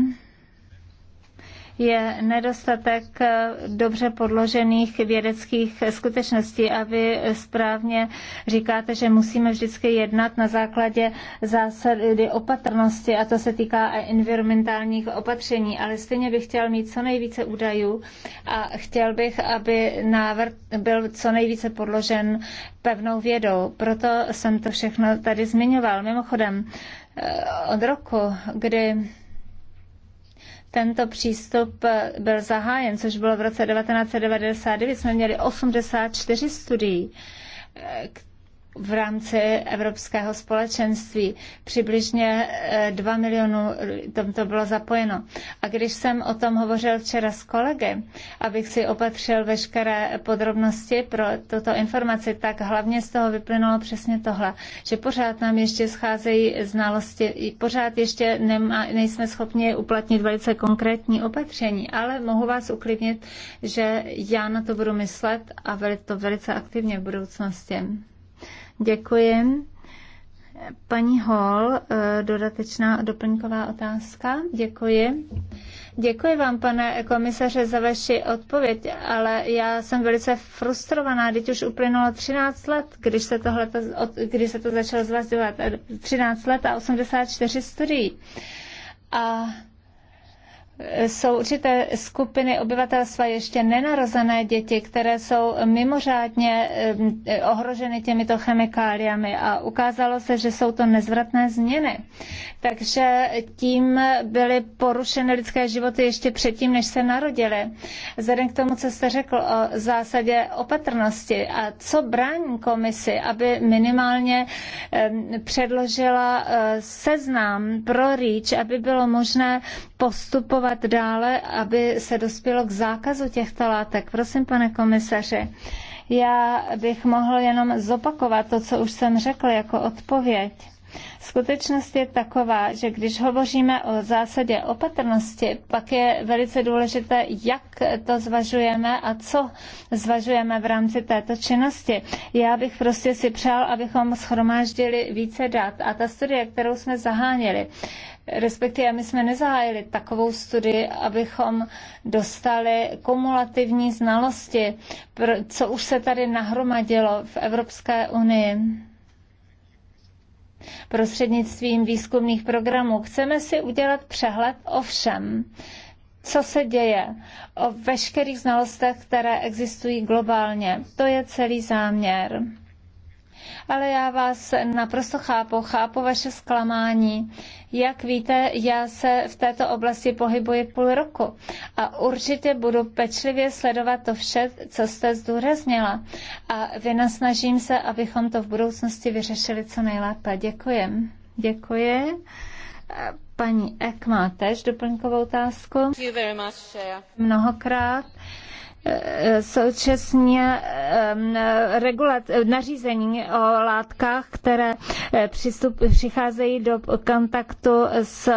je nedostatek eh, dobře podložených vědeckých skutečností a vy správně říkáte, že musíme vždycky jednat na základě zásady opatrnosti a to se týká i environmentálních opatření, ale stejně bych chtěl mít co nejvíce údajů a chtěl bych, aby návrh byl co nejvíce podložen pevnou vědou. Proto jsem to všechno tady zmiňoval. Mimochodem, eh, od roku, kdy tento přístup eh, byl zahájen, což bylo v roce 1999, jsme měli 84 studií, eh, v rámci Evropského společenství. Přibližně 2 eh, milionů eh, tam to bylo zapojeno. A když jsem o tom hovořil včera s kolegy, abych si opatřil veškeré podrobnosti pro tuto informaci, tak hlavně z toho vyplynulo přesně tohle, že pořád nám ještě scházejí znalosti, pořád ještě nema, nejsme schopni uplatnit velice konkrétní opatření, ale mohu vás uklidnit, že já na to budu myslet a to velice aktivně v budoucnosti. Děkuji. Paní Hall, eh, dodatečná doplňková otázka. Děkuji. Děkuji vám, pane komisaře, za vaši odpověď, ale já jsem velice frustrovaná, teď už uplynulo 13 let, když se, tohle, když se to začalo zvazovat. 13 eh, let a 84 studií. A jsou určité skupiny obyvatelstva ještě nenarozené děti, které jsou mimořádně eh, ohroženy těmito chemikáliami a ukázalo se, že jsou to nezvratné změny. Takže tím byly porušeny lidské životy ještě předtím, než se narodily. Vzhledem k tomu, co jste řekl o zásadě opatrnosti a co brání komisi, aby minimálně předložila eh, seznam pro REACH, aby bylo možné postupovat postupovat dále, aby se dospělo k zákazu těchto látek? Prosím, pane komisaře. Já bych mohl jenom zopakovat to, co už jsem řekl jako odpověď. Skutečnost je taková, že když hovoříme o zásadě opatrnosti, pak je velice důležité, jak to zvažujeme a co zvažujeme v rámci této činnosti. Já bych prostě si přál, abychom schromáždili více dat. A ta studie, kterou jsme zahánili, respektive my jsme nezahájili takovou studii, abychom dostali kumulativní znalosti, co už se tady nahromadilo v Evropské unii prostřednictvím výzkumných programů. Chceme si udělat přehled o všem, co se děje, o veškerých znalostech, které existují globálně. To je celý záměr ale já vás naprosto chápu, chápu vaše zklamání. Jak víte, já se v této oblasti pohybuji půl roku a určitě budu pečlivě sledovat to vše, co jste zdůraznila a vynasnažím se, abychom to v budoucnosti vyřešili co nejlépe. Děkuji. Děkuji. Paní Ek má tež doplňkovou otázku. Mnohokrát současně regulat, nařízení o látkách, které eh, přistup, přicházejí do kontaktu s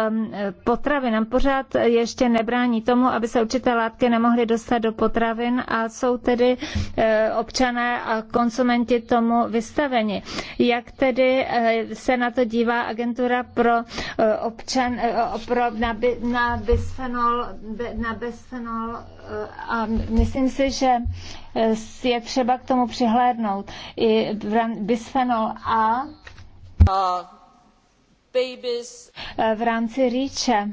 potravinami. Pořád ještě nebrání tomu, aby se určité látky nemohly dostat do potravin a jsou tedy eh, občané a konsumenti tomu vystaveni. Jak tedy eh, se na to dívá agentura pro občan, pro, na, na bisfenol, na bisfenol a myslím si, že eh, je třeba k tomu přihlédnout. I bisphenol A eh, v rámci rýče.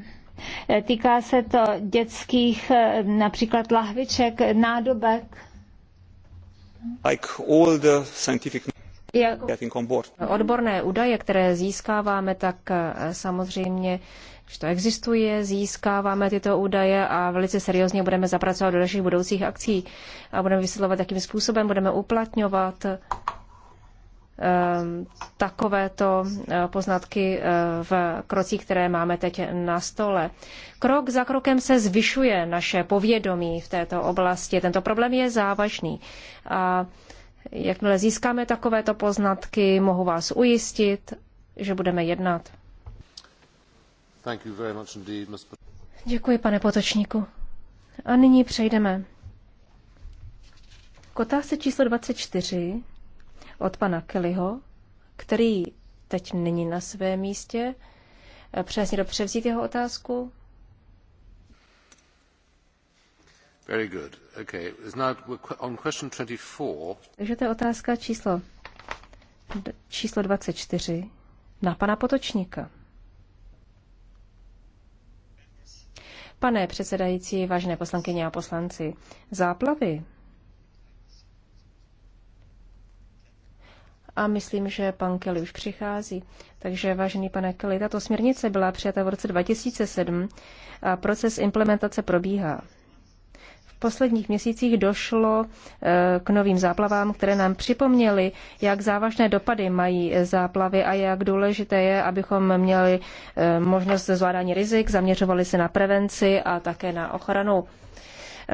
Eh, týká se to dětských například lahviček, nádobek. Like all the scientific... Jak odborné údaje, které získáváme, tak samozřejmě už to existuje, získáváme tyto údaje a velice seriózně budeme zapracovat do našich budoucích akcí a budeme vysvětlovat, jakým způsobem budeme uplatňovat eh, takovéto eh, poznatky eh, v krocích, které máme teď na stole. Krok za krokem se zvyšuje naše povědomí v této oblasti. Tento problém je závažný. A jakmile získáme takovéto poznatky, mohu vás ujistit, že budeme jednat. Děkuji, pane Potočníku. A nyní přejdeme k otázce číslo 24 od pana Kellyho, který teď není na svém místě. Přesně do převzít jeho otázku? Very good. Okay. Now on question 24. Takže to je otázka číslo, číslo 24 na pana Potočníka. Pane předsedající, vážené poslankyně a poslanci, záplavy. A myslím, že pan Kelly už přichází. Takže, vážený pane Kelly, tato směrnice byla přijata v roce 2007 a proces implementace probíhá. V posledních měsících došlo e, k novým záplavám, které nám připomněly, jak závažné dopady mají e, záplavy a jak důležité je, abychom měli e, možnost zvládání rizik, zaměřovali se na prevenci a také na ochranu.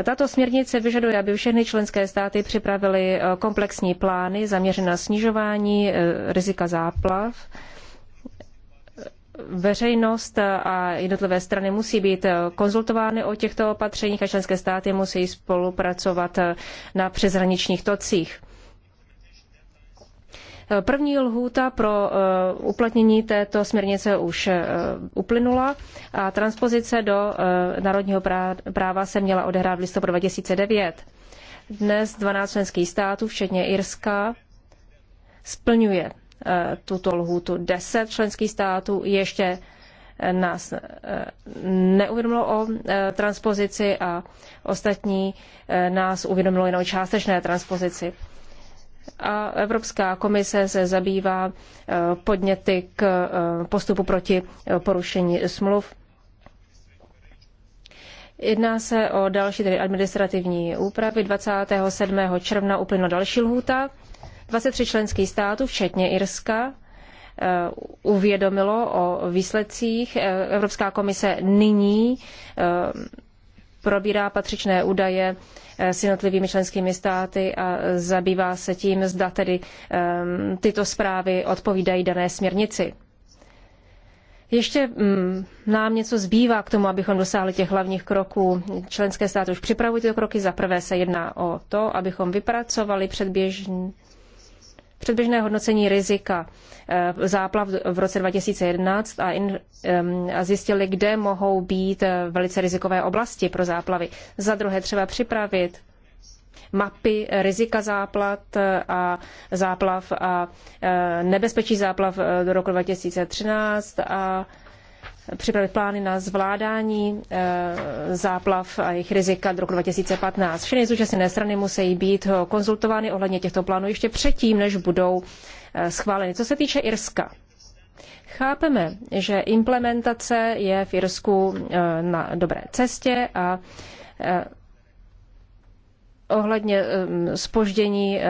Tato směrnice vyžaduje, aby všechny členské státy připravily komplexní plány zaměřené na snižování rizika záplav veřejnost a jednotlivé strany musí být konzultovány o těchto opatřeních a členské státy musí spolupracovat na přeshraničních tocích. První lhůta pro eh, uplatnění této směrnice už eh, uplynula a transpozice do eh, národního práva se měla odehrát v listopadu 2009. Dnes 12 členských států, včetně Irska, splňuje Eh, tuto lhůtu. Deset členských států ještě eh, nás eh, neuvědomilo o transpozici a ostatní nás uvědomilo jenom částečné transpozici. A Evropská komise se zabývá podněty k postupu proti porušení smluv. Jedná se o další tedy administrativní úpravy. 27. června uplynula další lhůta. 23 členských států, včetně Irska, eh, uvědomilo o výsledcích. Eh, Evropská komise nyní eh, probírá patřičné údaje s jednotlivými členskými státy a zabývá se tím, zda tedy tyto zprávy odpovídají dané směrnici. Ještě mm, nám něco zbývá k tomu, abychom dosáhli těch hlavních kroků. Členské státy už připravují tyto kroky. Za prvé se jedná o to, abychom vypracovali předběžný Předběžné hodnocení rizika eh, záplav v roce 2011 a, zjistili, kde mohou být eh, velice rizikové oblasti pro záplavy. Za druhé třeba připravit mapy rizika záplat eh, a záplav a nebezpečí záplav do roku 2013 a připravit plány na zvládání eh, záplav a jejich rizika do roku 2015. Všechny zúčastněné strany musí být konzultovány ohledně těchto plánů ještě předtím, než budou eh, schváleny. Co se týče Irska, chápeme, že implementace je v Irsku eh, na dobré cestě a Ohledně spoždění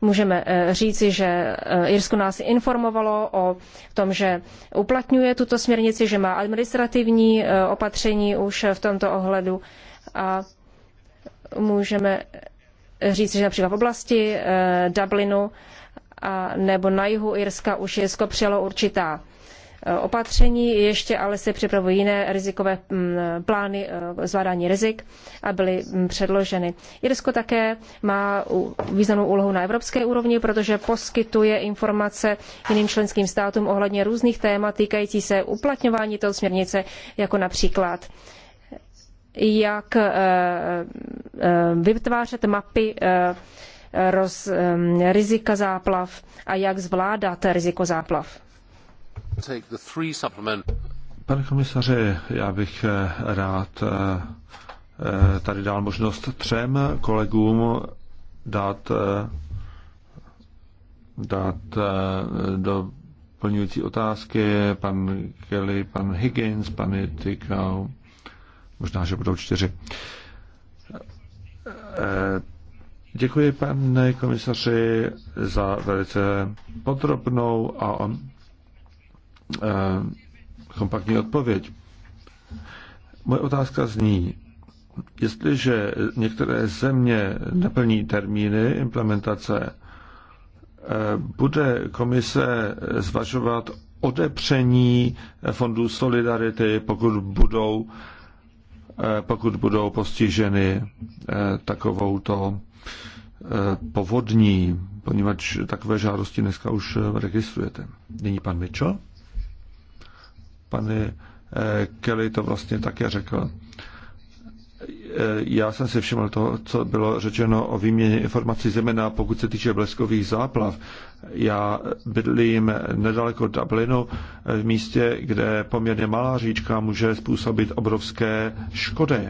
můžeme eh, říci, že eh, Irsko nás informovalo o tom, že uplatňuje tuto směrnici, že má administrativní eh, opatření už v tomto ohledu a můžeme říci, že například v oblasti Dublinu a nebo na jihu Irska už Irsko přijalo určitá Eh, opatření, ještě ale se připravují jiné rizikové mm, eh, plány eh, zvládání rizik a byly mm, předloženy. Irsko také má významnou úlohu na evropské úrovni, protože poskytuje informace jiným členským státům ohledně různých témat týkající se uplatňování této směrnice, jako například jak vytvářet mapy roz, mm, rizika záplav a jak zvládat riziko záplav. Pane komisaři, já bych eh, rád eh, eh, tady dal možnost třem kolegům dát, dát do plňující otázky, pan Kelly, pan Higgins, pan Tykau, možná, že budou čtyři. Děkuji, pane komisaři, za velice podrobnou a Eh, kompaktní odpověď. Moje otázka zní, jestliže některé země neplní termíny implementace, eh, bude komise zvažovat odepření fondů Solidarity, pokud budou, eh, pokud budou postiženy takovouto povodní, poněvadž takové žádosti dneska už registrujete. Nyní pan Mitchell. Paní eh, Kelly to vlastně také řekl. Eh, já jsem si všiml toho, co bylo řečeno o výměně informací zeměna, pokud se týče bleskových záplav. Já bydlím nedaleko Dublinu, eh, v místě, kde poměrně malá říčka může způsobit obrovské škody.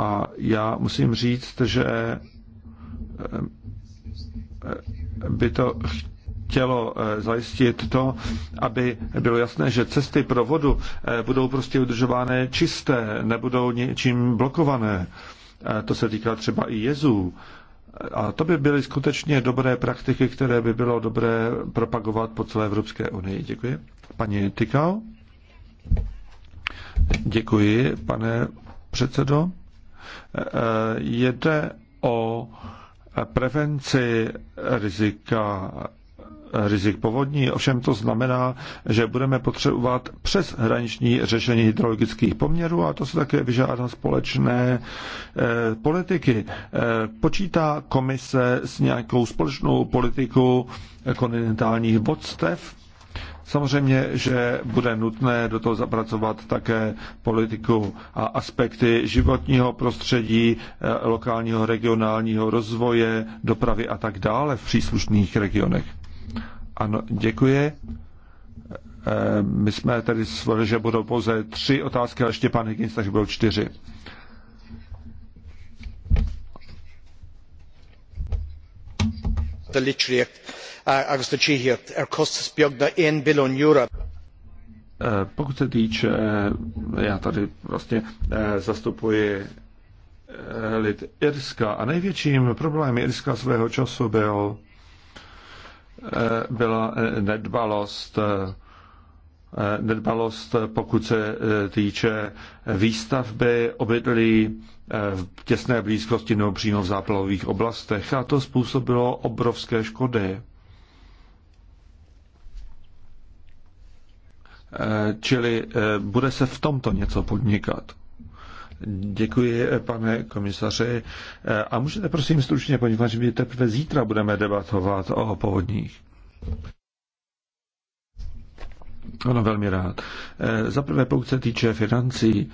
A já musím říct, že by to chtělo eh, zajistit to, aby bylo jasné, že cesty pro vodu eh, budou prostě udržovány čisté, nebudou něčím blokované. Eh, to se týká třeba i jezů. A to by byly skutečně dobré praktiky, které by bylo dobré propagovat po celé Evropské unii. Děkuji. Paní Tykal? Děkuji, pane předsedo. Jde o prevenci rizika rizik povodní, ovšem to znamená, že budeme potřebovat přes hraniční řešení hydrologických poměrů a to se také vyžádá společné eh, politiky. Eh, počítá komise s nějakou společnou politiku kontinentálních vodstev? Samozřejmě, že bude nutné do toho zapracovat také politiku a aspekty životního prostředí, eh, lokálního, regionálního rozvoje, dopravy a tak dále v příslušných regionech. Ano, děkuji. Eh, my jsme tady svolili, že budou pouze tři otázky, ale ještě pan Higgins, takže budou čtyři. Uh, eh, pokud se týče, já tady vlastně eh, zastupuji lid Irska a největším problémem Irska svého času byl Eh, byla eh, nedbalost, eh, nedbalost pokud se týče výstavby obydlí v těsné blízkosti nebo přímo v záplavových oblastech a to způsobilo obrovské škody. Čili bude se v tomto něco podnikat. Děkuji, pane komisaři. A můžete prosím stručně, poněvadž my teprve zítra budeme debatovat o povodních. Ano, velmi rád. Za prvé, pokud se týče financí,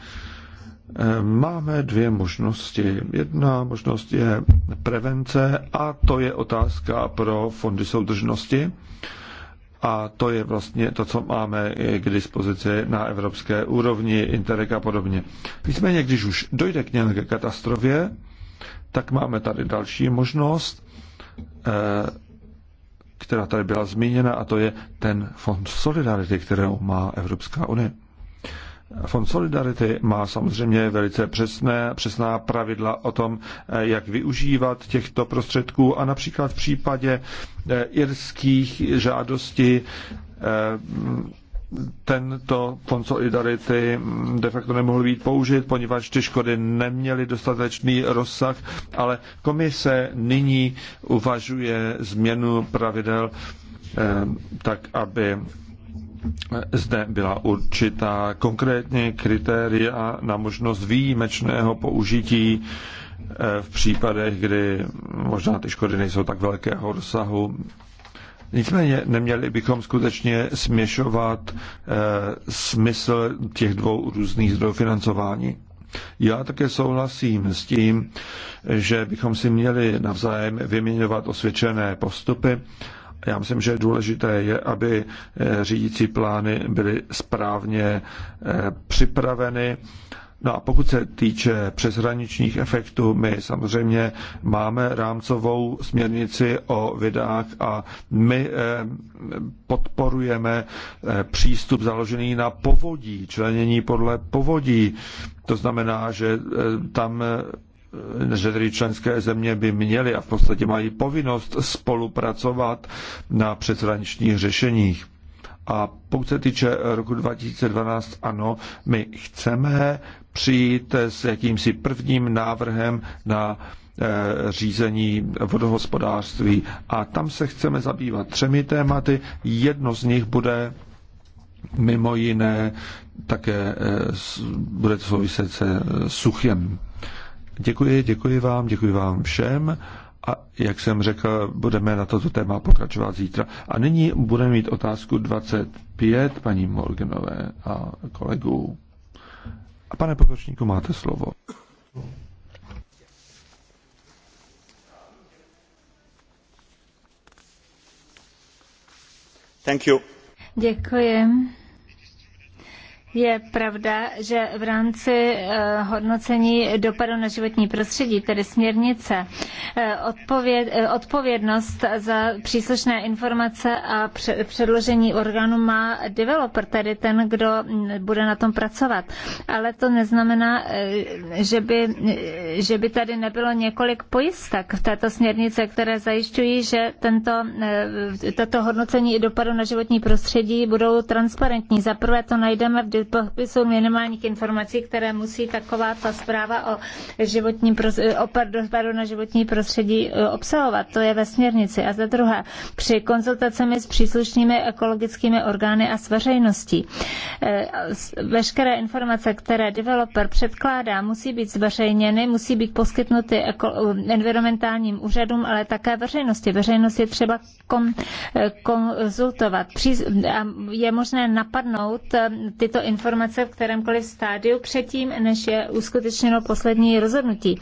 máme dvě možnosti. Jedna možnost je prevence a to je otázka pro fondy soudržnosti. A to je vlastně to, co máme k dispozici na evropské úrovni, Interreg a podobně. Nicméně, když už dojde k nějaké katastrofě, tak máme tady další možnost, eh, která tady byla zmíněna, a to je ten fond solidarity, kterou má Evropská unie. Fond Solidarity má samozřejmě velice přesné, přesná pravidla o tom, eh, jak využívat těchto prostředků a například v případě eh, irských žádostí eh, tento fond solidarity mm, de facto nemohl být použit, poněvadž ty škody neměly dostatečný rozsah, ale komise nyní uvažuje změnu pravidel tak, aby zde byla určitá konkrétně kritéria na možnost výjimečného použití eh, v případech, kdy možná ty škody nejsou tak velkého rozsahu. Nicméně neměli bychom skutečně směšovat eh, smysl těch dvou různých zdrojů financování. Já také souhlasím s tím, že bychom si měli navzájem vyměňovat osvědčené postupy já myslím, že důležité je, aby eh, řídící plány byly správně eh, připraveny. No a pokud se týče přeshraničních efektů, my samozřejmě máme rámcovou směrnici o vydách a my eh, podporujeme přístup založený na povodí, členění podle povodí. To znamená, že tam že tedy členské země by měly a v podstatě mají povinnost spolupracovat na přeshraničních řešeních. A pokud se týče roku 2012, ano, my chceme přijít s jakýmsi prvním návrhem na eh, řízení vodohospodářství. A tam se chceme zabývat třemi tématy. Jedno z nich bude mimo jiné také eh, bude to souviset se eh, suchem. Děkuji, děkuji vám, děkuji vám všem. A jak jsem řekl, budeme na toto téma pokračovat zítra. A nyní budeme mít otázku 25 paní Morganové a kolegů. A pane pokročníku, máte slovo. Thank you. Děkuji. Je pravda, že v rámci eh, hodnocení dopadu na životní prostředí, tedy směrnice, eh, odpověd, eh, odpovědnost za příslušné informace a předložení orgánu má developer, tedy ten, kdo mm, bude na tom pracovat. Ale to neznamená, že by, že by tady nebylo několik pojistek v této směrnice, které zajišťují, že tento, hodnocení dopadu na životní prostředí budou transparentní. Za prvé to najdeme v popisu minimálních informací, které musí taková ta zpráva o životním eh, dopadu na životní prostředí eh, obsahovat. To je ve směrnici. A za druhé, při konzultacemi s příslušnými ekologickými orgány a s veřejností. Eh, veškeré informace, které developer předkládá, musí být zveřejněny, musí být poskytnuty environmentálním úřadům, ale také veřejnosti. Veřejnost je třeba konzultovat. Je možné napadnout tyto informace informace v kterémkoliv stádiu předtím, než je uskutečněno poslední rozhodnutí.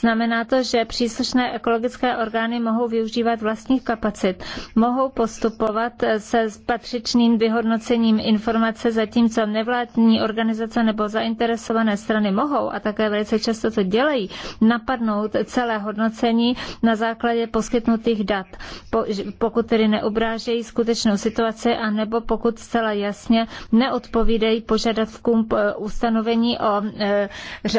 Znamená to, že příslušné ekologické orgány mohou využívat vlastních kapacit, mohou postupovat se patřičným vyhodnocením informace, zatímco nevládní organizace nebo zainteresované strany mohou, a také velice často to dělají, napadnout celé hodnocení na základě poskytnutých dat, pokud tedy neobrážejí skutečnou situaci a nebo pokud zcela jasně neodpovídají požadavkům eh, ustanovení o eh,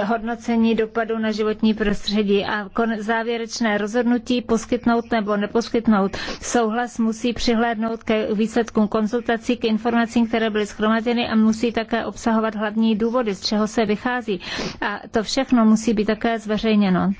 hodnocení dopadu na životní prostředí a závěrečné rozhodnutí poskytnout nebo neposkytnout souhlas musí přihlédnout ke výsledkům konzultací, k informacím, které byly schromaděny a musí také obsahovat hlavní důvody, z čeho se vychází. A to všechno musí být také zveřejněno.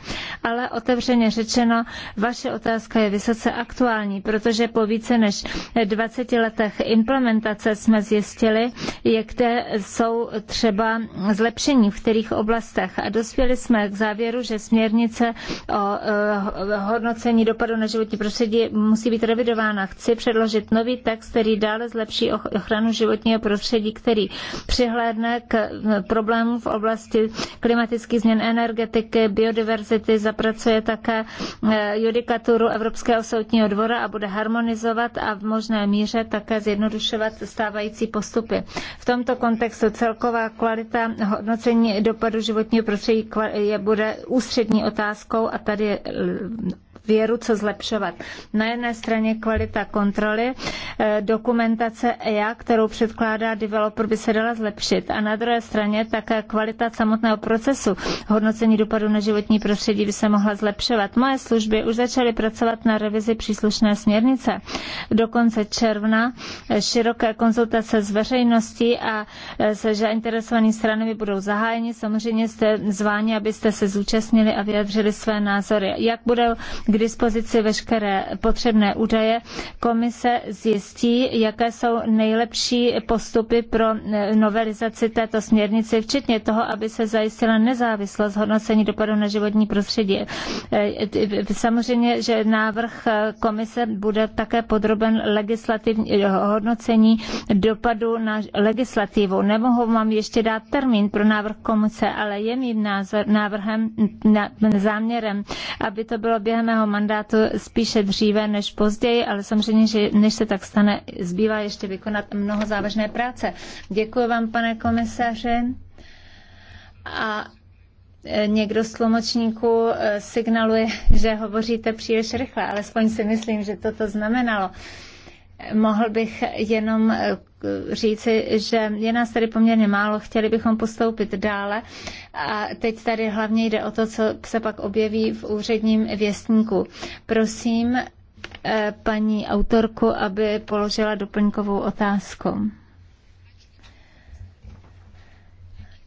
Ale otevřeně řečeno, vaše otázka je vysoce aktuální, protože po více než 20 letech implementace jsme zjistili, jak té jsou třeba zlepšení v kterých oblastech. A dospěli jsme k závěru, že směrnice o eh, hodnocení dopadu na životní prostředí musí být revidována. Chci předložit nový text, který dále zlepší ochranu životního prostředí, který přihlédne k eh, problémům v oblasti klimatických změn energetiky, biodiverzity, zapracuje také eh, judikaturu Evropského soudního dvora a bude harmonizovat a v možné míře také zjednodušovat stávající postupy. V tomto kontextu celková kvalita hodnocení dopadu životního prostředí je, bude ústřední otázkou a tady je věru, co zlepšovat. Na jedné straně kvalita kontroly, eh, dokumentace EIA, kterou předkládá developer, by se dala zlepšit. A na druhé straně také kvalita samotného procesu hodnocení dopadu na životní prostředí by se mohla zlepšovat. Moje služby už začaly pracovat na revizi příslušné směrnice. Do konce června eh, široké konzultace s veřejností a eh, se zainteresovanými stranami budou zahájeni. Samozřejmě jste zváni, abyste se zúčastnili a vyjadřili své názory. Jak bude k dispozici veškeré potřebné údaje, komise zjistí, jaké jsou nejlepší postupy pro eh, novelizaci této směrnice, včetně toho, aby se zajistila nezávislost hodnocení dopadu na životní prostředí. Eh, samozřejmě, že návrh eh, komise bude také podroben legislativní hodnocení dopadu na legislativu. Nemohu vám ještě dát termín pro návrh komise, ale je mým názor, návrhem, záměrem, aby to bylo během mého volebního mandátu spíše dříve než později, ale samozřejmě, že než se tak stane, zbývá ještě vykonat mnoho závažné práce. Děkuji vám, pane komisaři. A e, někdo z tlumočníků e, signaluje, že hovoříte příliš rychle, alespoň si myslím, že toto znamenalo. Mohl bych jenom eh, říci, že je nás tady poměrně málo, chtěli bychom postoupit dále a teď tady hlavně jde o to, co se pak objeví v úředním věstníku. Prosím eh, paní autorku, aby položila doplňkovou otázku.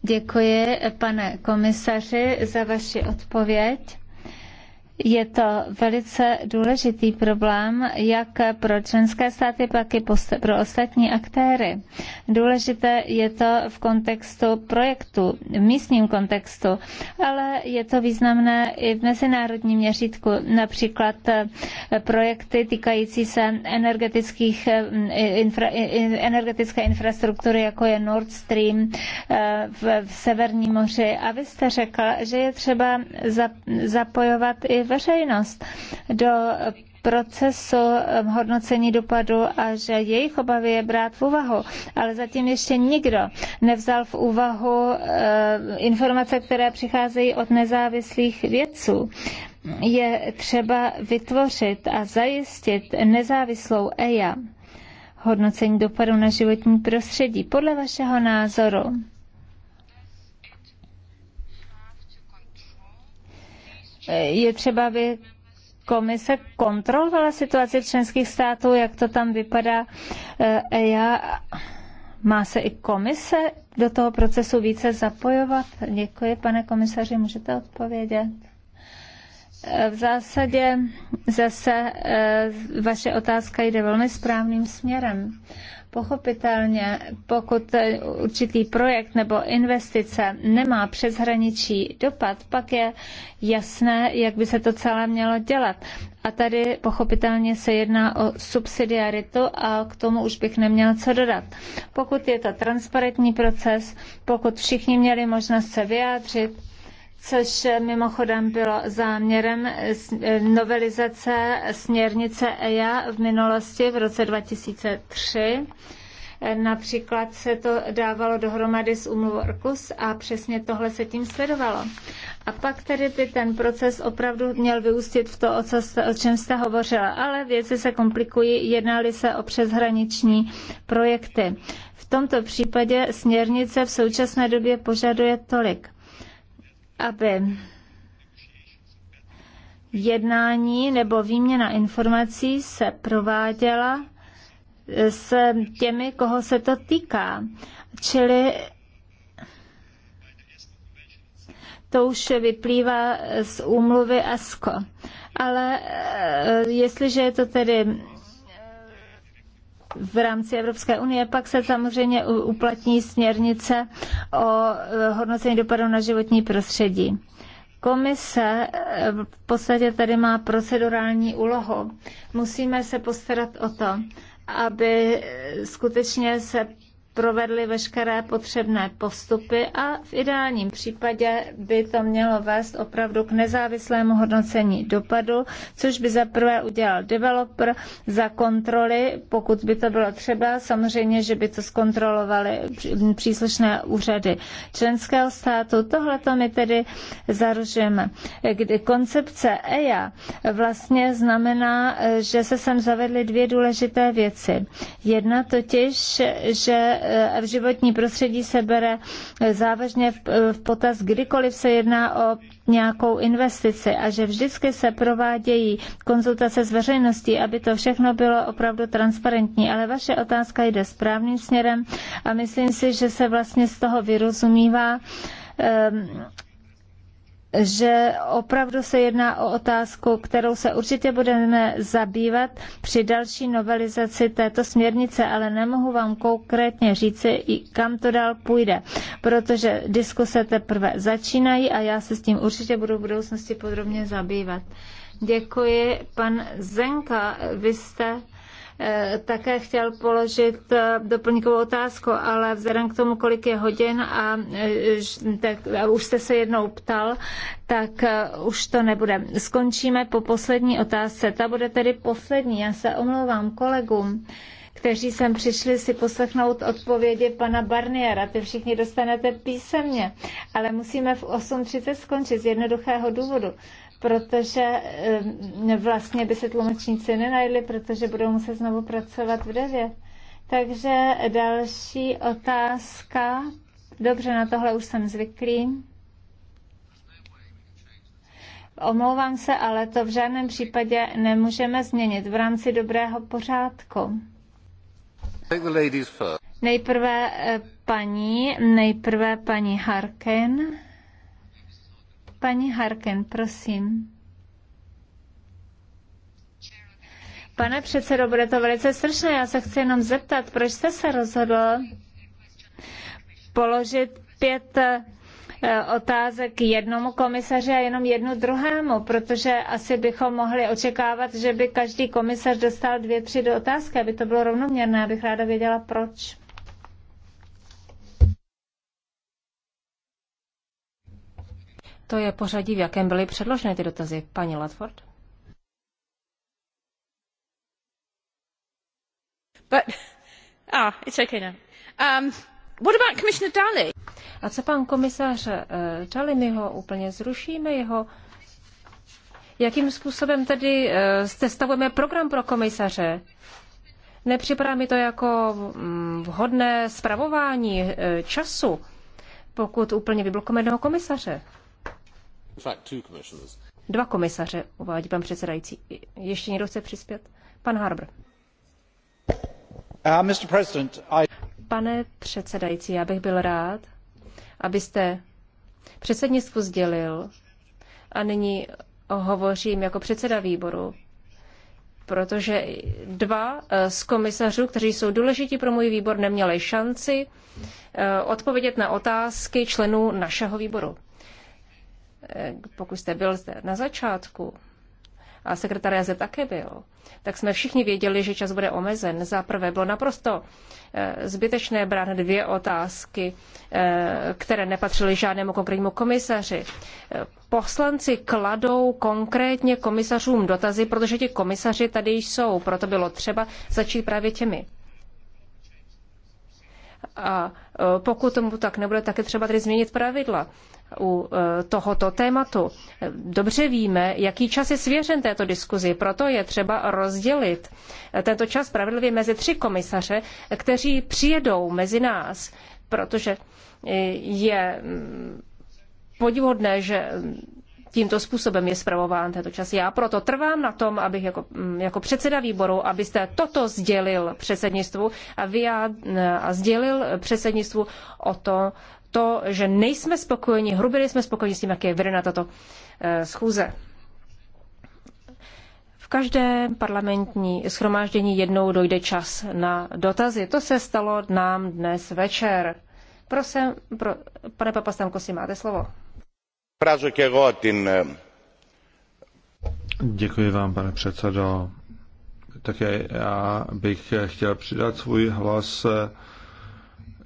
Děkuji, eh, pane komisaři, za vaši odpověď. Je to velice důležitý problém, jak pro členské státy, tak i pro ostatní aktéry. Důležité je to v kontextu projektu, v místním kontextu, ale je to významné i v mezinárodním měřítku, například eh, projekty týkající se energetických, eh, infra, energetické infrastruktury, jako je Nord Stream eh, v, v Severním moři. A vy jste řekl, že je třeba zapojovat i veřejnost do procesu hodnocení dopadu a že jejich obavy je brát v úvahu. Ale zatím ještě nikdo nevzal v úvahu eh, informace, které přicházejí od nezávislých vědců je třeba vytvořit a zajistit nezávislou EIA, hodnocení dopadu na životní prostředí, podle vašeho názoru. je třeba, aby komise kontrolovala situaci členských států, jak to tam vypadá. E, já má se i komise do toho procesu více zapojovat? Děkuji, pane komisaři, můžete odpovědět? V zásadě zase eh, vaše otázka jde velmi správným směrem. Pochopitelně, pokud určitý projekt nebo investice nemá přeshraničí dopad, pak je jasné, jak by se to celé mělo dělat. A tady pochopitelně se jedná o subsidiaritu a k tomu už bych neměl co dodat. Pokud je to transparentní proces, pokud všichni měli možnost se vyjádřit, což mimochodem bylo záměrem novelizace směrnice EIA v minulosti v roce 2003. Například se to dávalo dohromady s umluvou Orkus a přesně tohle se tím sledovalo. A pak tedy by ten proces opravdu měl vyústit v to, o, co jste, o čem jste hovořila. Ale věci se komplikují, jednali se o přeshraniční projekty. V tomto případě směrnice v současné době požaduje tolik aby jednání nebo výměna informací se prováděla eh, s těmi, koho se to týká. Čili to už vyplývá z úmluvy ASCO. Ale eh, jestliže je to tedy v rámci Evropské unie. Pak se samozřejmě uplatní směrnice o eh, hodnocení dopadu na životní prostředí. Komise eh, v podstatě tady má procedurální úlohu. Musíme se postarat o to, aby eh, skutečně se provedli veškeré potřebné postupy a v ideálním případě by to mělo vést opravdu k nezávislému hodnocení dopadu, což by zaprvé udělal developer za kontroly, pokud by to bylo třeba, samozřejmě, že by to zkontrolovali příslušné úřady členského státu. Tohle to my tedy zaružujeme. Kdy koncepce EIA vlastně znamená, že se sem zavedly dvě důležité věci. Jedna totiž, že v životní prostředí se bere závažně v potaz, kdykoliv se jedná o nějakou investici a že vždycky se provádějí konzultace s veřejností, aby to všechno bylo opravdu transparentní. Ale vaše otázka jde správným směrem a myslím si, že se vlastně z toho vyrozumívá ehm, že opravdu se jedná o otázku, kterou se určitě budeme zabývat při další novelizaci této směrnice, ale nemohu vám konkrétně říci, kam to dál půjde, protože diskuse teprve začínají a já se s tím určitě budu v budoucnosti podrobně zabývat. Děkuji. Pan Zenka, vy jste Eh, také chtěl položit eh, doplňkovou otázku, ale vzhledem k tomu, kolik je hodin a, eh, tak, a už jste se jednou ptal, tak už to nebude. Skončíme po poslední otázce. Ta bude tedy poslední. Já se omlouvám kolegům kteří sem přišli si poslechnout odpovědi pana Barniera. Ty všichni dostanete písemně, ale musíme v 8.30 skončit z jednoduchého důvodu protože eh, vlastně by se tlumočníci nenajdli, protože budou muset znovu pracovat v 9. Takže další otázka. Dobře, na tohle už jsem zvyklý. Omlouvám se, ale to v žádném případě nemůžeme změnit v rámci dobrého pořádku. Nejprve eh, paní, nejprve paní Harken. Paní Harken, prosím. Pane předsedo, bude to velice stručné. Já se chci jenom zeptat, proč jste se rozhodl položit pět eh, otázek jednomu komisaři a jenom jednu druhému, protože asi bychom mohli očekávat, že by každý komisař dostal dvě, tři do otázky, aby to bylo rovnoměrné. Abych ráda věděla, proč. To je pořadí, v jakém byly předloženy ty dotazy. Paní Latford? But, ah, it's okay now. Um, what about Commissioner Daly? A co pan komisař uh, Daly, my ho úplně zrušíme, jeho Jakým způsobem tedy uh, sestavujeme program pro komisaře? Nepřipadá mi to jako mm, vhodné spravování eh, času, pokud úplně vyblokujeme jednoho komisaře. Dva komisaře, uvádí pan předsedající. Ještě někdo chce přispět? Pan Harbour. Uh, Pane předsedající, já bych byl rád, abyste předsednictvu sdělil, a nyní hovořím jako předseda výboru, protože dva eh, z komisařů, kteří jsou důležití pro můj výbor, neměli šanci eh, odpovědět na otázky členů našeho výboru. Eh, pokud jste byl zde na začátku, a sekretariát zde také byl, tak jsme všichni věděli, že čas bude omezen. Za prvé bylo naprosto eh, zbytečné brát dvě otázky, eh, které nepatřily žádnému konkrétnímu komisaři. Poslanci kladou konkrétně komisařům dotazy, protože ti komisaři tady jsou, proto bylo třeba začít právě těmi. A e, pokud tomu tak nebude, tak je třeba tedy změnit pravidla u e, tohoto tématu. Dobře víme, jaký čas je svěřen této diskuzi, proto je třeba rozdělit e, tento čas pravidlivě mezi tři komisaře, kteří přijedou mezi nás, protože je podivodné, že tímto způsobem je zpravován tento čas. Já proto trvám na tom, abych jako, mm, jako předseda výboru, abyste toto sdělil předsednictvu a, vyjad, eh, a sdělil předsednictvu o to, to, že nejsme spokojeni, hrubě nejsme spokojeni s tím, jak je vedena tato eh, schůze. V každém parlamentní schromáždění jednou dojde čas na dotazy. To se stalo nám dnes večer. Prosím, pro, pane Papastanko, si máte slovo. Děkuji vám, pane předsedo. Také já bych chtěl přidat svůj hlas eh,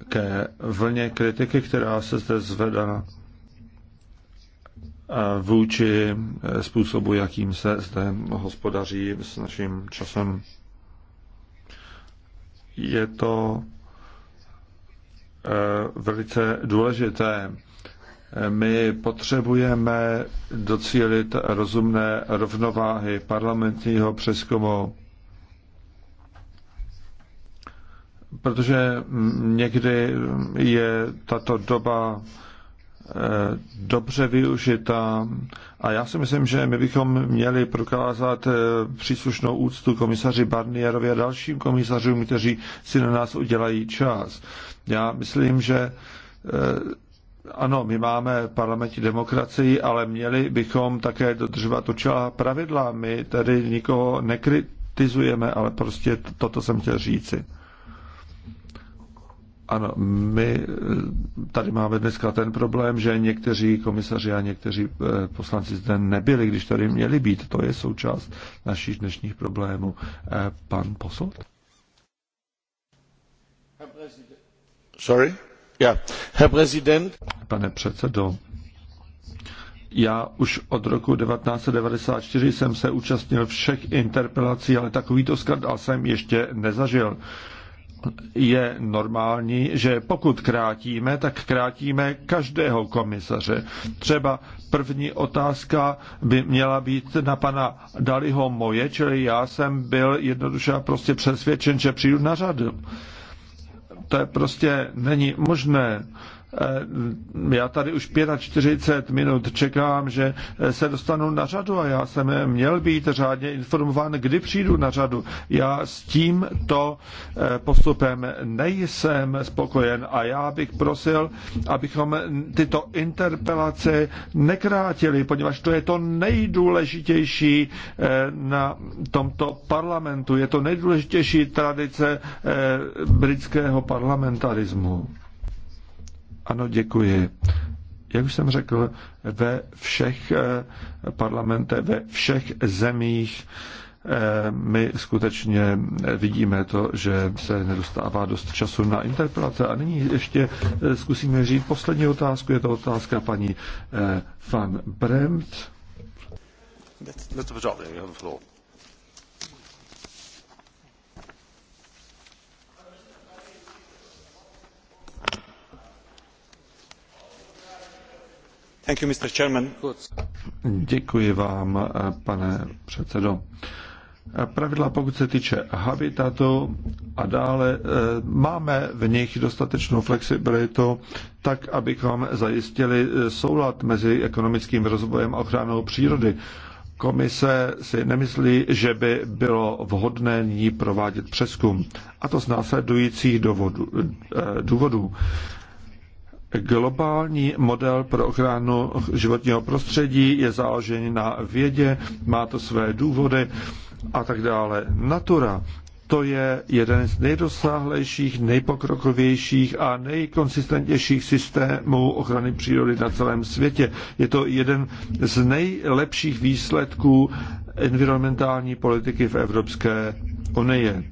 ke vlně kritiky, která se zde zvedá eh, vůči eh, způsobu, jakým se zde hospodaří s naším časem. Je to velice důležité my potřebujeme docílit rozumné rovnováhy parlamentního přeskumu, protože někdy je tato doba eh, dobře využita A já si myslím, že my bychom měli prokázat eh, příslušnou úctu komisaři Barnierovi a dalším komisařům, kteří si na nás udělají čas. Já myslím, že eh, ano, my máme parlamentní demokracii, ale měli bychom také dodržovat určitá pravidla. My tady nikoho nekritizujeme, ale prostě toto jsem chtěl říci. Ano, my eh, tady máme dneska ten problém, že někteří komisaři a někteří eh, poslanci zde nebyli, když tady měli být. To je součást našich dnešních problémů. Eh, pan posol? Sorry? Pane předsedo, já už od roku 1994 jsem se účastnil všech interpelací, ale takovýto skandal jsem ještě nezažil. Je normální, že pokud krátíme, tak krátíme každého komisaře. Třeba první otázka by měla být na pana Daliho moje, čili já jsem byl jednoduše a prostě přesvědčen, že přijdu na řadu. To je prostě není možné. Eh, já tady už 45 minut čekám, že eh, se dostanu na řadu a já jsem eh, měl být řádně informován, kdy přijdu na řadu. Já s tímto postupem nejsem spokojen a já bych prosil, abychom tyto interpelace nekrátili, poněvadž to je to nejdůležitější na tomto parlamentu. Je to nejdůležitější tradice britského parlamentarismu. Ano, děkuji. Jak už jsem řekl, ve všech eh, parlamentech, ve všech zemích eh, my skutečně vidíme to, že se nedostává dost času na interpelace. A nyní ještě eh, zkusíme říct poslední otázku. Je to otázka paní van Bremt. Mr. Vajoli, you have the floor. Děkuji vám, pane předsedající Pravidla, pokud se týče habitatu a dále, máme v nich dostatečnou flexibilitu, tak abychom zajistili soulad mezi ekonomickým rozvojem a ochranou přírody. Komise si nemyslí, že by bylo vhodné ní provádět přeskum. A to z následujících eh, důvodů. Globální model pro ochranu životního prostředí je založený na vědě, má to své důvody a tak dále. Natura to je jeden z nejdosáhlejších, nejpokrokovějších a nejkonsistentnějších systémů ochrany přírody na celém světě. Je to jeden z nejlepších výsledků environmentální politiky v Evropské unii.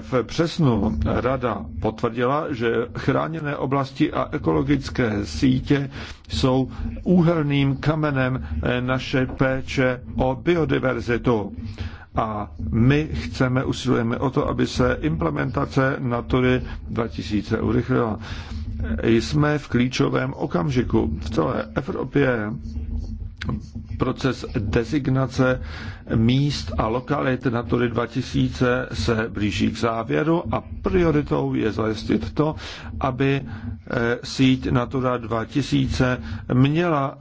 V přesnu rada potvrdila, že chráněné oblasti a ekologické sítě jsou úhelným kamenem naše péče o biodiverzitu. A my chceme, usilujeme o to, aby se implementace Natury 2000 urychlila. Jsme v klíčovém okamžiku. V celé Evropě proces designace míst a lokalit Natury 2000 se blíží k závěru a prioritou je zajistit to, aby eh, síť Natura 2000 měla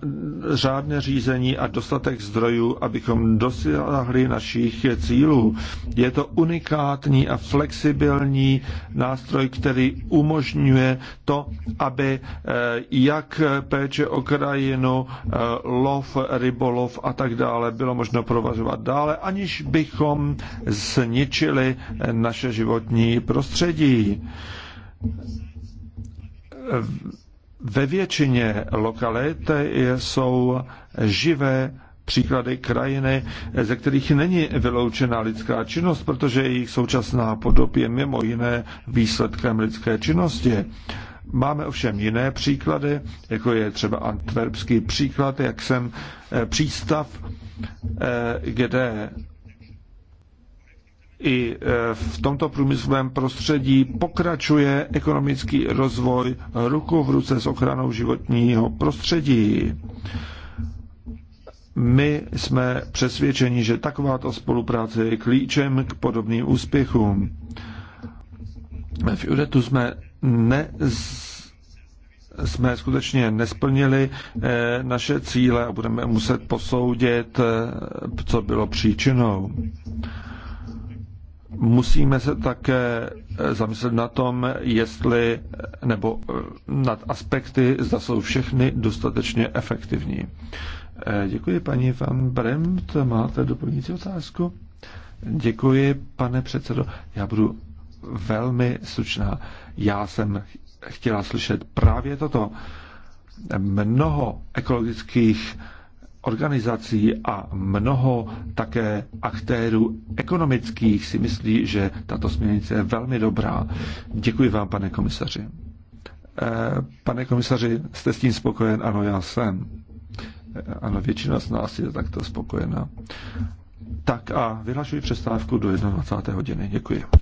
řádné řízení a dostatek zdrojů, abychom dosáhli našich cílů. Je to unikátní a flexibilní nástroj, který umožňuje to, aby eh, jak péče o krajinu, eh, lov, rybolov a tak dále bylo možno provazovat dále, aniž bychom zničili naše životní prostředí. Ve většině lokalit jsou živé příklady krajiny, ze kterých není vyloučena lidská činnost, protože jejich současná podob je mimo jiné výsledkem lidské činnosti. Máme ovšem jiné příklady, jako je třeba antwerpský příklad, jak jsem eh, přístav, eh, kde i eh, v tomto průmyslovém prostředí pokračuje ekonomický rozvoj ruku v ruce s ochranou životního prostředí. My jsme přesvědčeni, že takováto spolupráce je klíčem k podobným úspěchům. V Judetu jsme ne, jsme skutečně nesplnili eh, naše cíle a budeme muset posoudit, eh, co bylo příčinou. Musíme se také eh, zamyslet na tom, jestli nebo nad aspekty, zda jsou všechny dostatečně efektivní. Děkuji, paní Van Bremt. Máte doplňující otázku? Děkuji, pane předsedo. Já budu velmi slučná. Já jsem chtěla slyšet právě toto. Mnoho ekologických organizací a mnoho také aktérů ekonomických si myslí, že tato směrnice je velmi dobrá. Děkuji vám, pane komisaři. Eh, pane komisaři, jste s tím spokojen? Ano, já jsem. Eh, ano, většina z nás je takto spokojená. Tak a vyhlašuji přestávku do 21. hodiny. Děkuji.